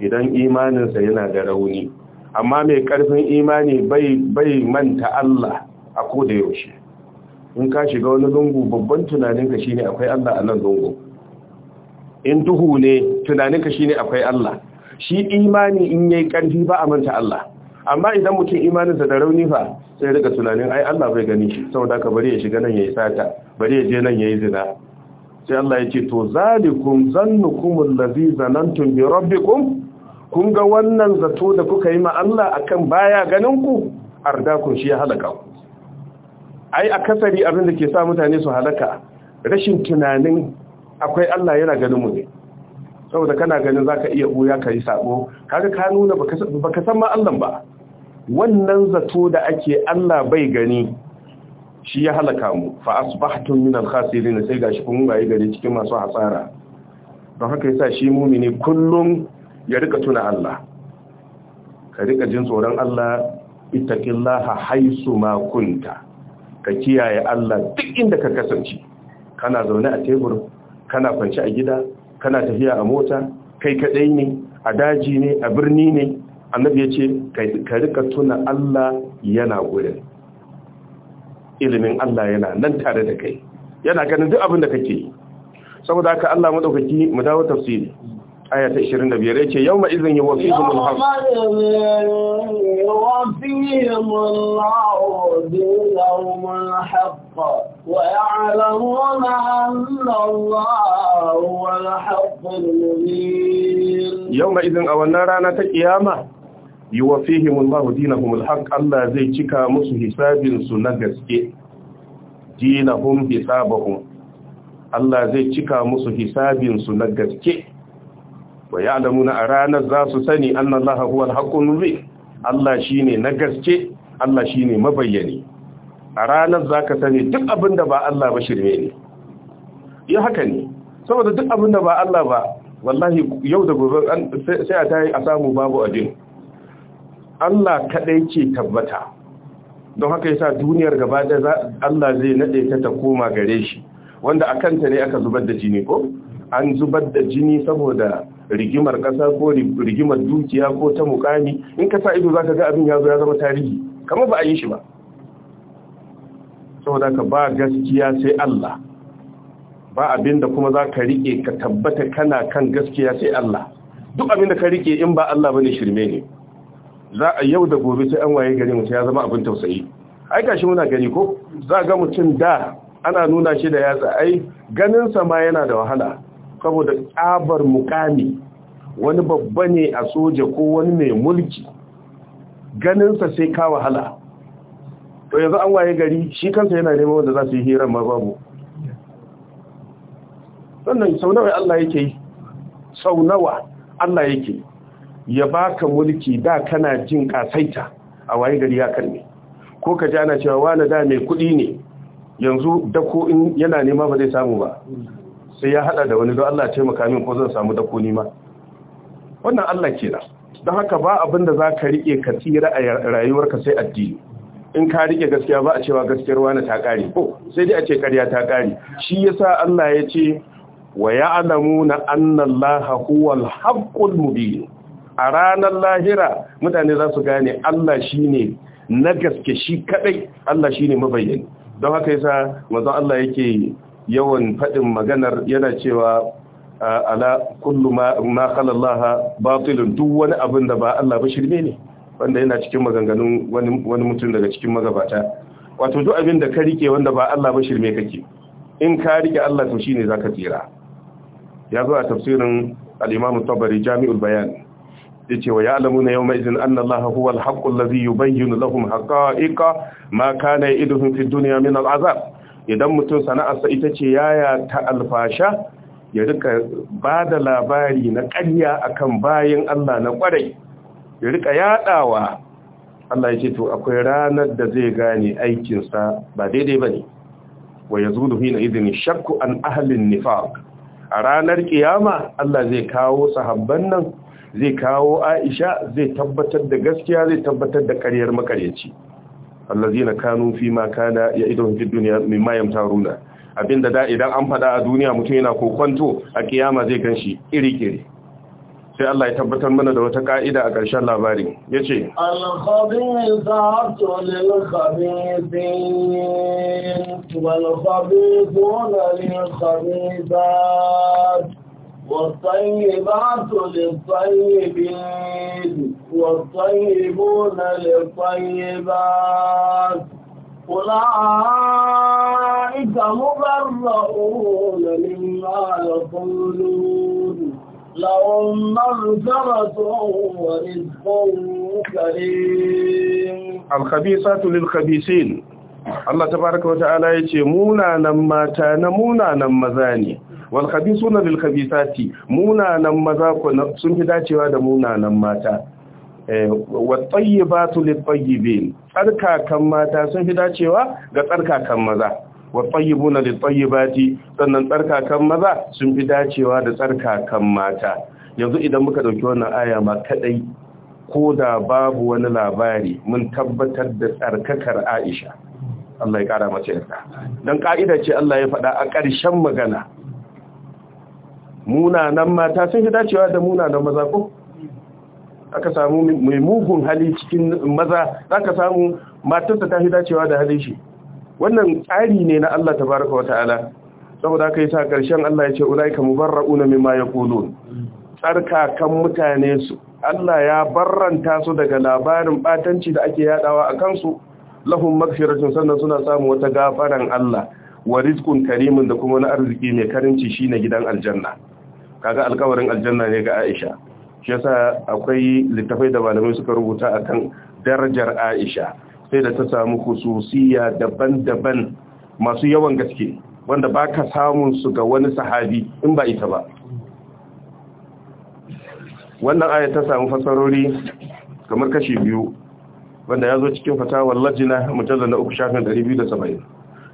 idan imaninsa yana da rauni amma mai karfin imani bai manta Allah a da yaushe in ka shiga wani lungu babban tunanin tunaninka ne akwai Allah a nan lungu in duhu ne tunaninka shine akwai Allah shi imani in yayi karfi ba a manta Allah amma idan mutum imaninsa da rauni fa sai daga tunanin ai Allah bai gani shi saboda ka bari ya shiga nan yayi sata bari ya je nan yayi zina sai Allah ya ce to zalikum zannukum allazi zanantum bi rabbikum kun ga wannan zato da kuka yi ma Allah akan baya ganin ku ardakun shi ya halaka ai akasari abin da ke sa mutane su halaka rashin tunanin akwai Allah yana ganin mu ne saboda kana ganin zaka iya buya ka yi sabo kaga ka nuna baka san ma Allah ba wannan zato da ake Allah bai gani shi ya halaka mu fa asbahtu min al-khasirin sai gashi kun ga gari cikin masu hasara don haka yasa shi mumini kullum ya rika tuna Allah ka rika jin tsoron Allah ittaqillaha haisu ma kunta ka kiyaye Allah duk inda ka kasance kana zaune a tebur kana kwanci a gida kana tafiya a mota kai kadai ne a daji ne a birni ne annabi ya ce ka rika tuna Allah yana gurin ilimin Allah yana nan tare da kai yana ganin duk abin da kake yi saboda haka Allah madaukaki mu dawo tafsiri aya ta 25 yace yawma idhin yuwaffihimul haqq wa ya'lamuna anna Allah huwal haqqul mubin yawma izin a wannan rana ta kiyama yuwaffihimul lahu al haqq Allah zai cika musu hisabin su na gaske dinahum hisabahum Allah zai cika musu hisabin su na gaske wa ya ya'lamuna a ranar za su sani annallaha huwa haqqul mubin Allah shi ne na gaske Allah shi ne mabayyane a ranar za ka sani duk abin da ba Allah ba shirme ne ya haka ne saboda duk abin da ba Allah ba wallahi yau da gobe sai a tayi a samu babu abin Allah kaɗai ce tabbata don haka yasa duniyar gaba da Allah zai nade ta ta koma gare shi wanda a kanta ne aka zubar da jini ko an zubar da jini saboda rigimar ƙasa ko rigimar dukiya ko ta mukami in ka sa ido za ka ga abin ya zo zama tarihi kamar ba a yi shi ba saboda ka ba gaskiya sai Allah ba abin kuma za ka riƙe ka tabbata kana kan gaskiya sai Allah duk abinda ka riƙe in ba Allah bane shirme ne za a yau da gobe sai an waye gari mutum ya zama abin tausayi ai gashi muna gani ko za ga mutum da ana nuna shi da yatsa ai ganin sa ma yana da wahala saboda tsabar mukami wani babba ne a soja ko wani mai mulki ganinsa sai ka wahala to yanzu an waye gari shi kansa yana neman wanda za su yi hira ma babu sannan sau nawa Allah yake sau nawa Allah yake ya baka mulki da kana jin kasaita a waye gari ya karne ko ka jana cewa wani da mai kuɗi ne yanzu dako in yana nema ba zai samu ba sai ya hada da wani don Allah ce min ko zan samu dako ni ma wannan Allah ke da. don haka ba abin da za ka rike ka tsira a rayuwarka sai addini in ka rike gaskiya ba a cewa gaskiyar wani ta kare ko oh, sai dai a ce ƙarya ta kare shi yasa Allah ya ce wa ya'lamuna anna Allaha huwal haqqul mubin a ranar lahira mutane za su gane Allah shine na gaske shi kadai Allah shine mabayyani don haka yasa manzo Allah yake yawan faɗin maganar yana cewa ala kullu ma khala Allah duk wani abin da ba Allah ba shirme ne wanda yana cikin maganganun wani mutum daga cikin magabata wato duk abin da ka rike wanda ba Allah ba shirme kake in ka rike Allah to shine zaka tsira ya zo a tafsirin al-Imam Tabari Jami'ul Bayan yace wa ya'lamuna yawma idhin anna Allah huwa al-haqqu alladhi yubayyinu lahum haqa'iqa ma kana ya'iduhum fi dunya min al-'azab idan mutum sana'arsa ita ce yaya ta alfasha ya rika ba da labari na ƙarya akan bayan Allah na ƙwarai ya rika yaɗawa Allah ya ce to akwai ranar da zai gane aikinsa ba daidai ba ne wa ya zuru hina izini shakku an ahalin nifaq a ranar ƙiyama, Allah zai kawo sahabban nan zai kawo Aisha zai tabbatar da gaskiya zai tabbatar da ƙaryar makaryaci allazina kanu fi ma kana ya'iduhum fi dunya mimma yamtaruna abinda da idan an fada a duniya mutum yana kokonto a kiyama zai ganshi iri-iri sai Allah ya tabbatar mana da wata ka'ida a ƙarshen labarin yace al-khabithatu والطيبات للطيبين والطيبون للطيبات أولئك مبرؤون مما يقولون لهم مغفرة ورزق كريم الخبيثات للخبيثين Allah tabaraka wa ta'ala ya ce munanan mata na munanan maza ne wal khabisuna lil khabisati munanan maza sun fi dacewa da munanan mata eh, wattayyibatu littayyibin tsarkakan mata sun fi dacewa ga tsarkakan maza wattayyibuna littayyibati sannan tsarkakan maza sun fi dacewa da tsarkakan mata yanzu idan muka dauki wannan aya ma kadai ko da babu wani labari mun tabbatar da tsarkakar Aisha Allah ya kara mace yarda dan kaida ce Allah ya faɗa a ƙarshen magana munanan mata sun fi dacewa da munanan maza ko aka samu mai mugun hali cikin maza za ka samu matarsa ta fi dacewa da hali shi wannan tsari ne na Allah baraka wa ta'ala saboda aka yi sa ƙarshen Allah ya ce ka ulaika mubarra'una mimma Tsarka tsarkakan mutane su Allah ya barranta su daga labarin batanci da ake yadawa a kansu lahun magfiratun sannan suna samu wata gafaran Allah wa rizqun karimin da kuma na arziki mai karinci shine gidan aljanna kaga alkawarin aljanna ne ga Aisha shi yasa akwai littafai da malamai suka rubuta akan darajar Aisha sai da ta samu khususiyya daban-daban masu yawan gaske wanda baka samun su ga wani sahabi in ba ita ba wannan aya ta samu fasarori kamar kashi biyu wanda ya zo cikin fatawar lajina mujallar na uku shafin 270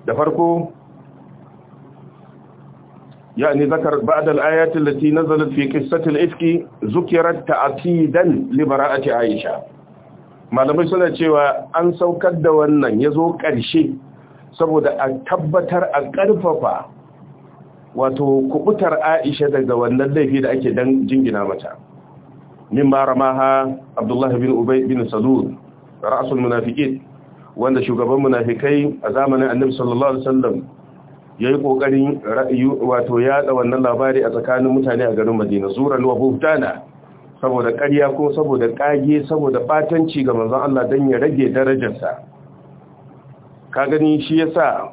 da farko يعني ذكر بعد الآيات التي نزلت في قصة الإفك ذكرت تأكيدا لبراءة عائشة malamai suna cewa an saukar da wannan ya zo ƙarshe saboda a tabbatar a ƙarfafa wato kubutar aisha daga wannan laifi da ake dan jingina mata min ba abdullahi bin ubay bin salul ra'sul munafiqin wanda shugaban munafikai a zamanin annabi sallallahu alaihi wasallam ya yi ƙoƙarin wato yaɗa wannan labari a tsakanin mutane a garin madina zuran wa buhtana saboda ƙarya ko saboda ƙage saboda ɓatanci ga manzon Allah don ya rage darajarsa ka gani shi ya sa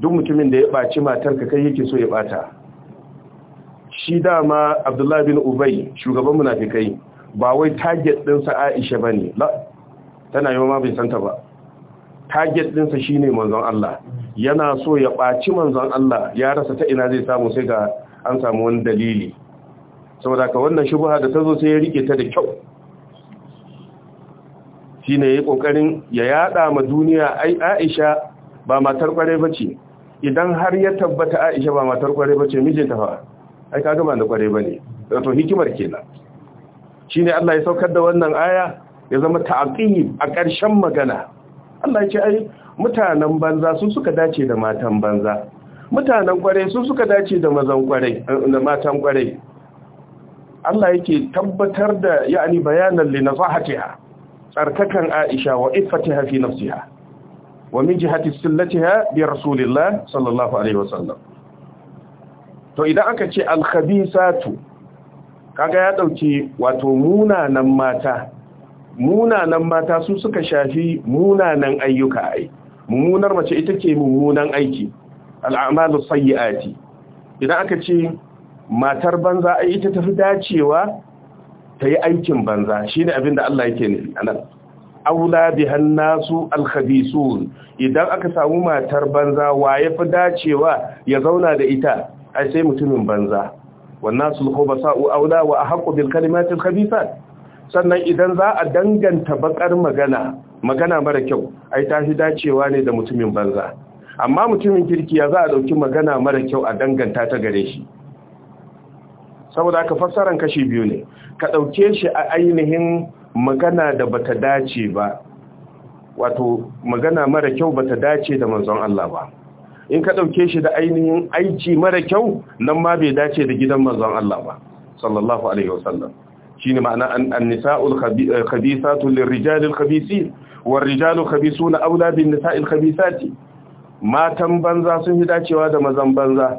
duk mutumin da ya ɓaci matar ka kai yake so ya ɓata shi dama abdullahi bin ubai shugaban munafikai ba wai target ɗinsa aisha ba ne tana yi ma bai santa ba target ɗinsa shine manzon Allah yana so ya ɓaci manzon Allah ya rasa ta ina zai samu sai ga an samu wani dalili saboda ka wannan shubha da ta zo sai ya rike ta da kyau shine yayi kokarin ya yada ma duniya ai Aisha ba matar kware bace idan har ya tabbata Aisha ba matar kware bace mijinta fa ai kaga ba da kware bane to hikimar kenan shine Allah ya saukar da wannan aya ya zama ta'aqib a ƙarshen magana Allah ya ce ai mutanen banza sun suka dace da matan banza mutanen kwarai sun suka dace da mazan kwarai eh, da matan kwarai Allah yake tabbatar da yani bayanan li nafahatiha tsarkakan Aisha wa iffatiha fi nafsiha wa min jihati sillatiha bi rasulillah sallallahu alaihi wasallam to idan aka ce al khabisatu kaga ya dauki wato munanan mata munanan mata su suka shafi munanan ayyuka ai mummunar mace ita ke mummunan aiki al'amalu sayyi'ati idan aka ce matar banza ai ita tafi dacewa ta yi aikin banza shine abin da Allah yake nufi anan aula bihan nasu alkhabisun idan aka samu matar banza wa fi dacewa ya zauna da ita ai sai mutumin banza wannan sulhu basa'u aula wa ahqu bil kalimatil khabisat sannan idan za a danganta bakar magana magana mara kyau ai ta fi dacewa ne da mutumin banza amma mutumin kirki ya za a dauki magana mara kyau a danganta ta gare shi saboda ka fassaran kashi biyu ne ka dauke shi a ainihin magana da bata dace ba wato magana mara kyau bata dace da manzon Allah ba in ka dauke shi da ainihin aiki mara kyau nan ma bai dace da gidan manzon Allah ba sallallahu alaihi wasallam shine ma'ana an-nisa'ul eh, khabisatu lirrijalil khabisin warrijalu khabisuna aula bin nisa'il khabisati matan banza sun fi dacewa da mazan banza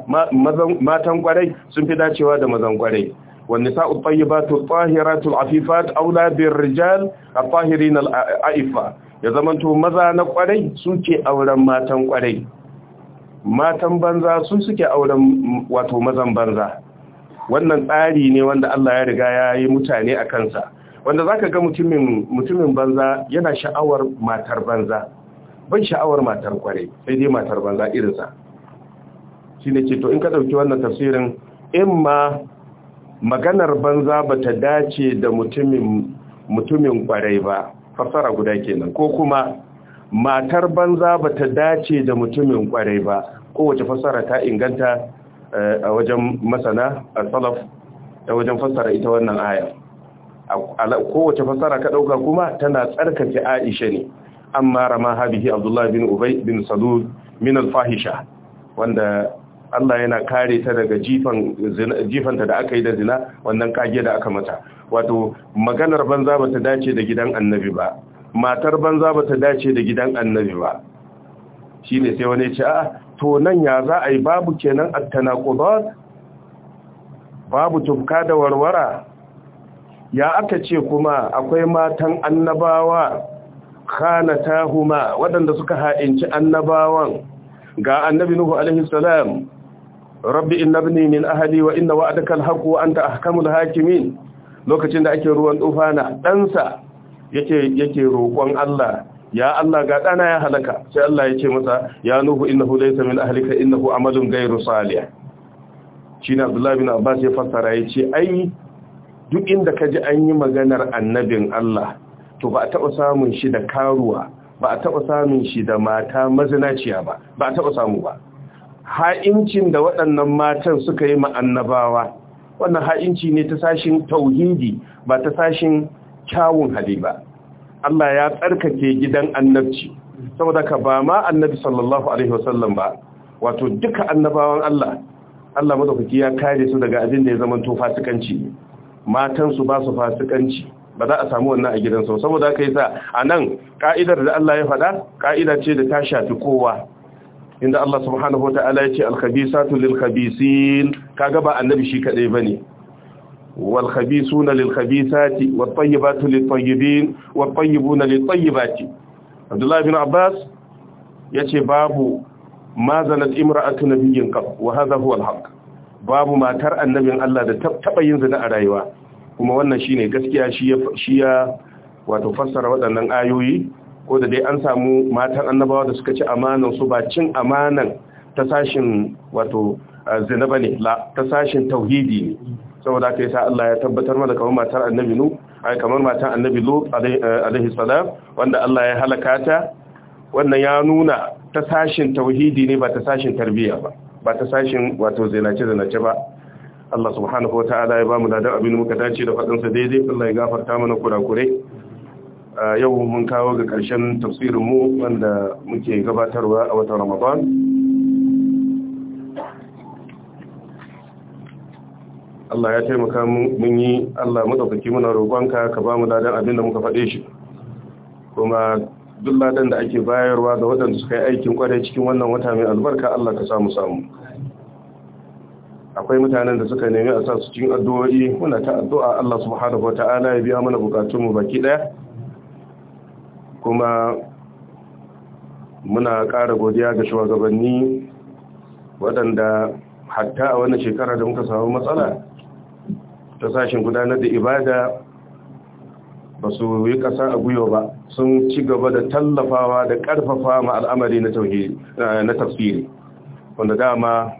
matan kwarai sun fi dacewa da mazan kwarai والنساء الطيبات الطاهرات العفيفات أولى بالرجال الطاهرين a'ifa. ya zamanto maza na kwarai suke auren matan kwarai matan banza sun suke auren wato mazan banza wannan tsari ne wanda Allah ya riga ya yi mutane a kansa wanda zaka ga mutumin mutumin banza yana sha'awar matar banza ban sha'awar matar kware sai dai matar banza irinsa shi ne ke to in ka ɗauki wannan tafsirin in ma maganar banza ba ta dace da mutumin kwarai ba fassara guda kenan ko kuma matar banza ba ta dace da mutumin kwarai ba kowace fassara ta inganta Eh, a wajen masana a salaf ta wajen fassara ita wannan aya kowace fassara ka ɗauka kuma tana tsarkace aisha ne amma rama habihi abdullahi bin ubai bin salul min fahisha wanda Allah yana kare ta daga jifanta da aka yi da zina wannan kage da aka mata wato maganar banza ba ta dace da gidan annabi ba matar banza ba ta dace da gidan annabi ba shi ne sai wani ce a to nan ya za a yi babu kenan at-tanaqudat babu tufka da warwara ya aka ce kuma akwai matan annabawa tahuma waɗanda suka ha'inci annabawan ga annabi nuhu alaihi salam rabbi innabni min ahali, wa inna wa'adaka al wa anta ahkamul hakimin lokacin da ake ruwan tufana ɗansa yake roƙon Allah ya Allah ga ɗana ya halaka sai Allah ya ce masa ya nuhu innahu laysa min ahlika innahu amalun ghayru salih shine Abdullahi bin Abbas ya fassara ya ce ai duk inda ka ji an yi maganar annabin Allah to ba a samun shi da karuwa ba a taɓa samun shi da mata mazinaciya ba ba a taɓa samu ba ha'incin da waɗannan matan suka yi ma'annabawa wannan ha'inci ne ta sashin tauhidi ba ta sashin kyawun hali ba Allah ya tsarkake gidan annabci saboda ka ba ma annabi sallallahu alaihi wasallam ba wato duka annabawan Allah Allah madaukaki ya kare su daga abin da ya zama to fasikanci Matansu su ba su fasikanci ba za a samu wannan a gidansu saboda sa yasa anan ka'idar da Allah ya faɗa ka'ida ce da ta shafi kowa inda Allah subhanahu wataala ya ce al-khabisatu lil-khabisin kaga ba annabi shi kadai bane والخبيثون للخبيثات والطيبات للطيبين والطيبون للطيبات عبد الله بن عباس يتي باب ما زنت امرأة نبي قط وهذا هو الحق باب ما تر النبي الله da taba yin zina kuma wannan shine gaskiya shi ya wato fassara waɗannan ayoyi ko da dai an samu matan annabawa da suka ci amanan su ba cin amanan ta sashin wato zina bane la ta sashin tauhidi ne saboda ka yasa Allah ya tabbatar mana kamar matar annabi nu ai kamar matar annabi lut eh, alaihi salam wanda Allah ya halaka ta wannan ya nuna ta sashin tauhidi ne ba ta sashin tarbiyya ba ba ta sashin wato zinace zinace ba Allah subhanahu wataala ya bamu da abin muka dace da fadin sa daidai Allah ya gafarta mana kurakure ah, yau mun kawo ga karshen tafsirin mu wanda muke gabatarwa a watan Ramadan Allah ya taimaka mun yi Allah madaukaki muna roƙonka ka ba mu ladan abin da muka faɗe shi kuma duk ladan da ake bayarwa ga waɗanda suka yi aikin kwarai cikin wannan wata mai albarka Allah ka samu samu akwai mutanen da suka nemi a sa su cikin addu'o'i muna ta addu'a Allah subhanahu wata'ala ya biya mana bukatun mu baki ɗaya? kuma muna ƙara godiya ga shugabanni waɗanda hatta a wannan shekara da muka samu matsala ta sashen gudanar da ibada ba su yi ƙasa a guyo ba sun ci gaba da tallafawa da ƙarfafa ma eh, na tafsiri wanda dama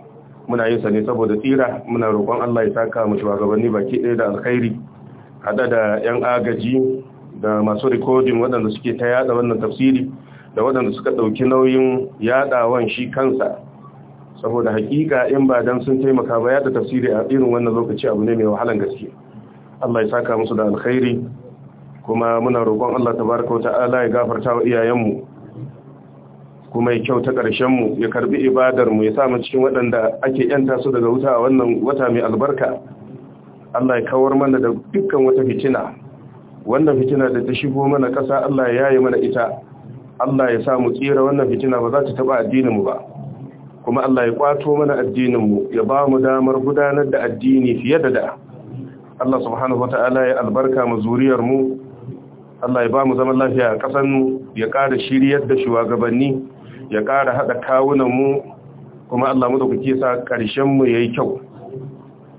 muna yin sa ne saboda tsira muna roƙon Allah ya saka mu shugabanni baki ɗaya da alkhairi hada da 'yan agaji da masu rikodin waɗanda suke ta yada wannan tafsiri da waɗanda suka ɗauki nauyin yadawan shi kansa saboda hakika in ba dan sun taimaka ba ya da tafsiri a irin wannan lokaci abu ne mai wahalan gaske Allah ya saka musu da alkhairi kuma muna roƙon Allah tabaraka wa ta'ala ya gafarta wa iyayenmu kuma ya kyauta ƙarshen mu ya karbi ibadar mu ya sa mu cikin waɗanda ake yanta su daga wuta a wannan wata mai albarka Allah ya kawar mana da dukkan wata fitina wannan fitina da ta shigo mana ƙasa Allah ya yaye mana ita Allah ya sa mu tsira wannan fitina ba za ta taba addinin mu ba kuma Allah ya kwato mana addininmu ya ba mu damar gudanar da addini fiye da da Allah subhanahu wata'ala ya albarka mu zuriyarmu Allah ya ba mu zaman lafiya a ƙasanmu ya ƙara shiryar da shugabanni ya ƙara haɗa kawunanmu kuma Allah mu da kuke sa ƙarshenmu ya yi kyau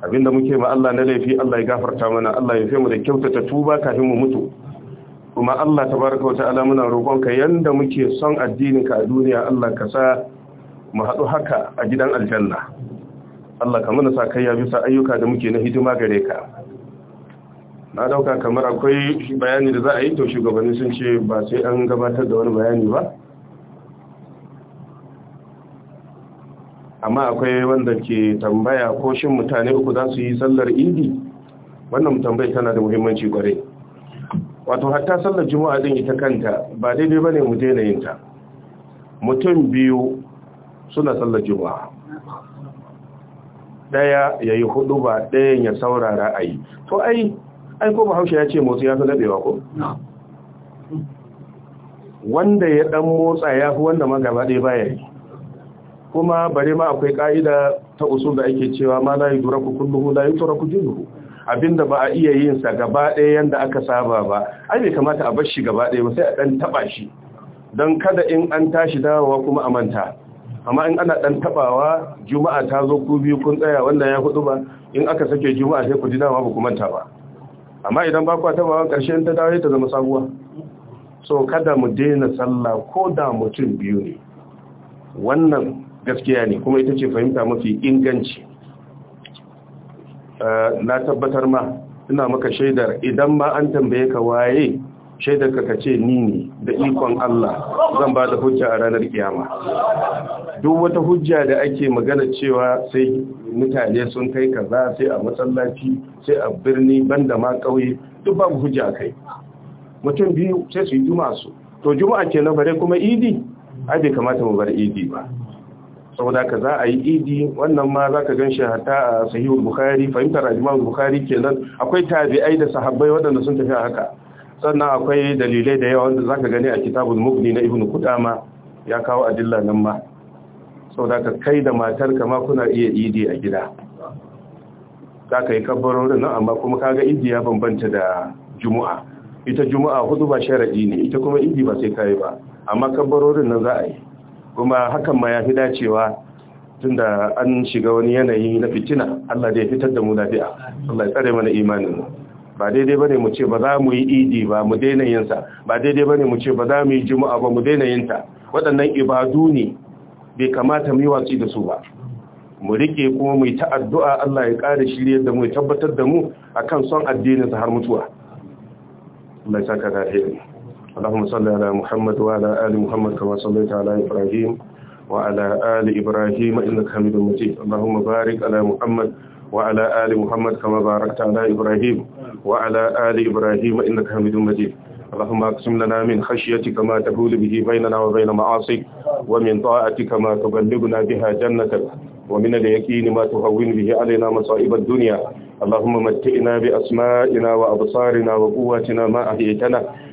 abinda muke ma Allah na laifi Allah ya gafarta mana Allah ya fi mu da kyautata tuba kafin mu mutu kuma Allah tabaraka wa muna roƙonka yanda muke son addininka a duniya Allah ka sa mu haɗu haka a gidan aljanna Allah kamar da sa kai ya bisa ayyuka da muke na hidima gare ka na dauka kamar akwai bayani da za a yi to shugabanni sun ce ba sai an gabatar da wani bayani ba amma akwai wanda ke tambaya ko shin mutane uku za su yi sallar idi wannan tambayi tana da muhimmanci kwarai wato hatta sallar juma'a din ita kanta ba daidai ne mu daina yin ta mutum biyu suna sallar juma'a daya ya yi hudu ba dayan ya saurara a yi to ai ai ko bahaushe ya ce motsi ya fi daɗewa ko wanda ya ɗan motsa ya fi wanda magaba ɗaya baya yi kuma bare ma akwai ƙa'ida ta usul da ake cewa ma kullum yudraku kulluhu yi yudraku kulluhu abinda ba a iya yin sa gaba ɗaya yanda aka saba ba ai bai kamata a bar shi gaba ɗaya ba sai a ɗan taɓa shi don kada in an tashi dawowa kuma a manta amma in ana dan tabawa juma'a ta zo ku biyu kun tsaya wannan ya hudu ba in aka sake juma'a sai ku ji dama ba ku manta ba amma idan ba ku tabawa karshen ta dawo ta zama sabuwa so kada mu daina sallah ko da mutum biyu ne wannan gaskiya ne kuma ita ce fahimta mafi inganci eh, na tabbatar ma ina maka shaidar idan ma an tambaye ka waye shaidar ka ce ni ne da ikon Allah zan ba da hujja a ranar kiyama duk wata hujja da ake magana cewa sai mutane sun kai kaza sai a matsalaci sai a birni banda ma kauye duk babu hujja kai mutum biyu sai su yi juma'a su to juma'a ke na bare kuma idi ai bai kamata mu bar idi ba saboda ka za a yi idi wannan ma za ka gan shi hata a sahihul bukhari fahimtar al-imam bukhari kenan akwai tabi'ai da sahabbai waɗanda sun tafi haka sannan akwai dalilai da yawa wanda ka gani a kitabun mughni na ibnu qudama ya kawo adilla nan ma saboda ka kai da matar kama kuna iya idi a gida za ka yi kabbarorin nan amma kuma kaga idi ya bambanta da juma'a ita juma'a hudu ba sharaɗi ne ita kuma idi ba sai kai ba amma kabbarorin nan za a yi kuma hakan ma ya fi dacewa tunda an shiga wani yanayi na fitina Allah da ya fitar da mu lafiya Allah ya tsare mana imanin mu ba daidai bane mu ce ba za mu yi idi ba mu daina yin sa ba daidai bane mu ce ba za mu yi juma'a ba mu daina yin ta waɗannan ibadu ne bai kamata mu yi watsi da su ba mu rike kuma mu yi ta Allah ya ƙara shirye da mu ya tabbatar da mu akan son addinin sa har mutuwa Allah ya saka da alheri Allahumma salli ala Muhammad wa ala ali Muhammad kama sallaita ala Ibrahim وعلى آل إبراهيم إنك حميد مجيد Allahumma بارك على Muhammad وعلى آل محمد كما باركت على إبراهيم وعلى آل إبراهيم إنك حميد مجيد اللهم اقسم لنا من خشيتك ما تحول به بيننا وبين معاصيك ومن طاعتك ما تبلغنا بها جنتك ومن اليقين ما تهون به علينا مصائب الدنيا اللهم متئنا بأسمائنا وأبصارنا وقواتنا ما أحييتنا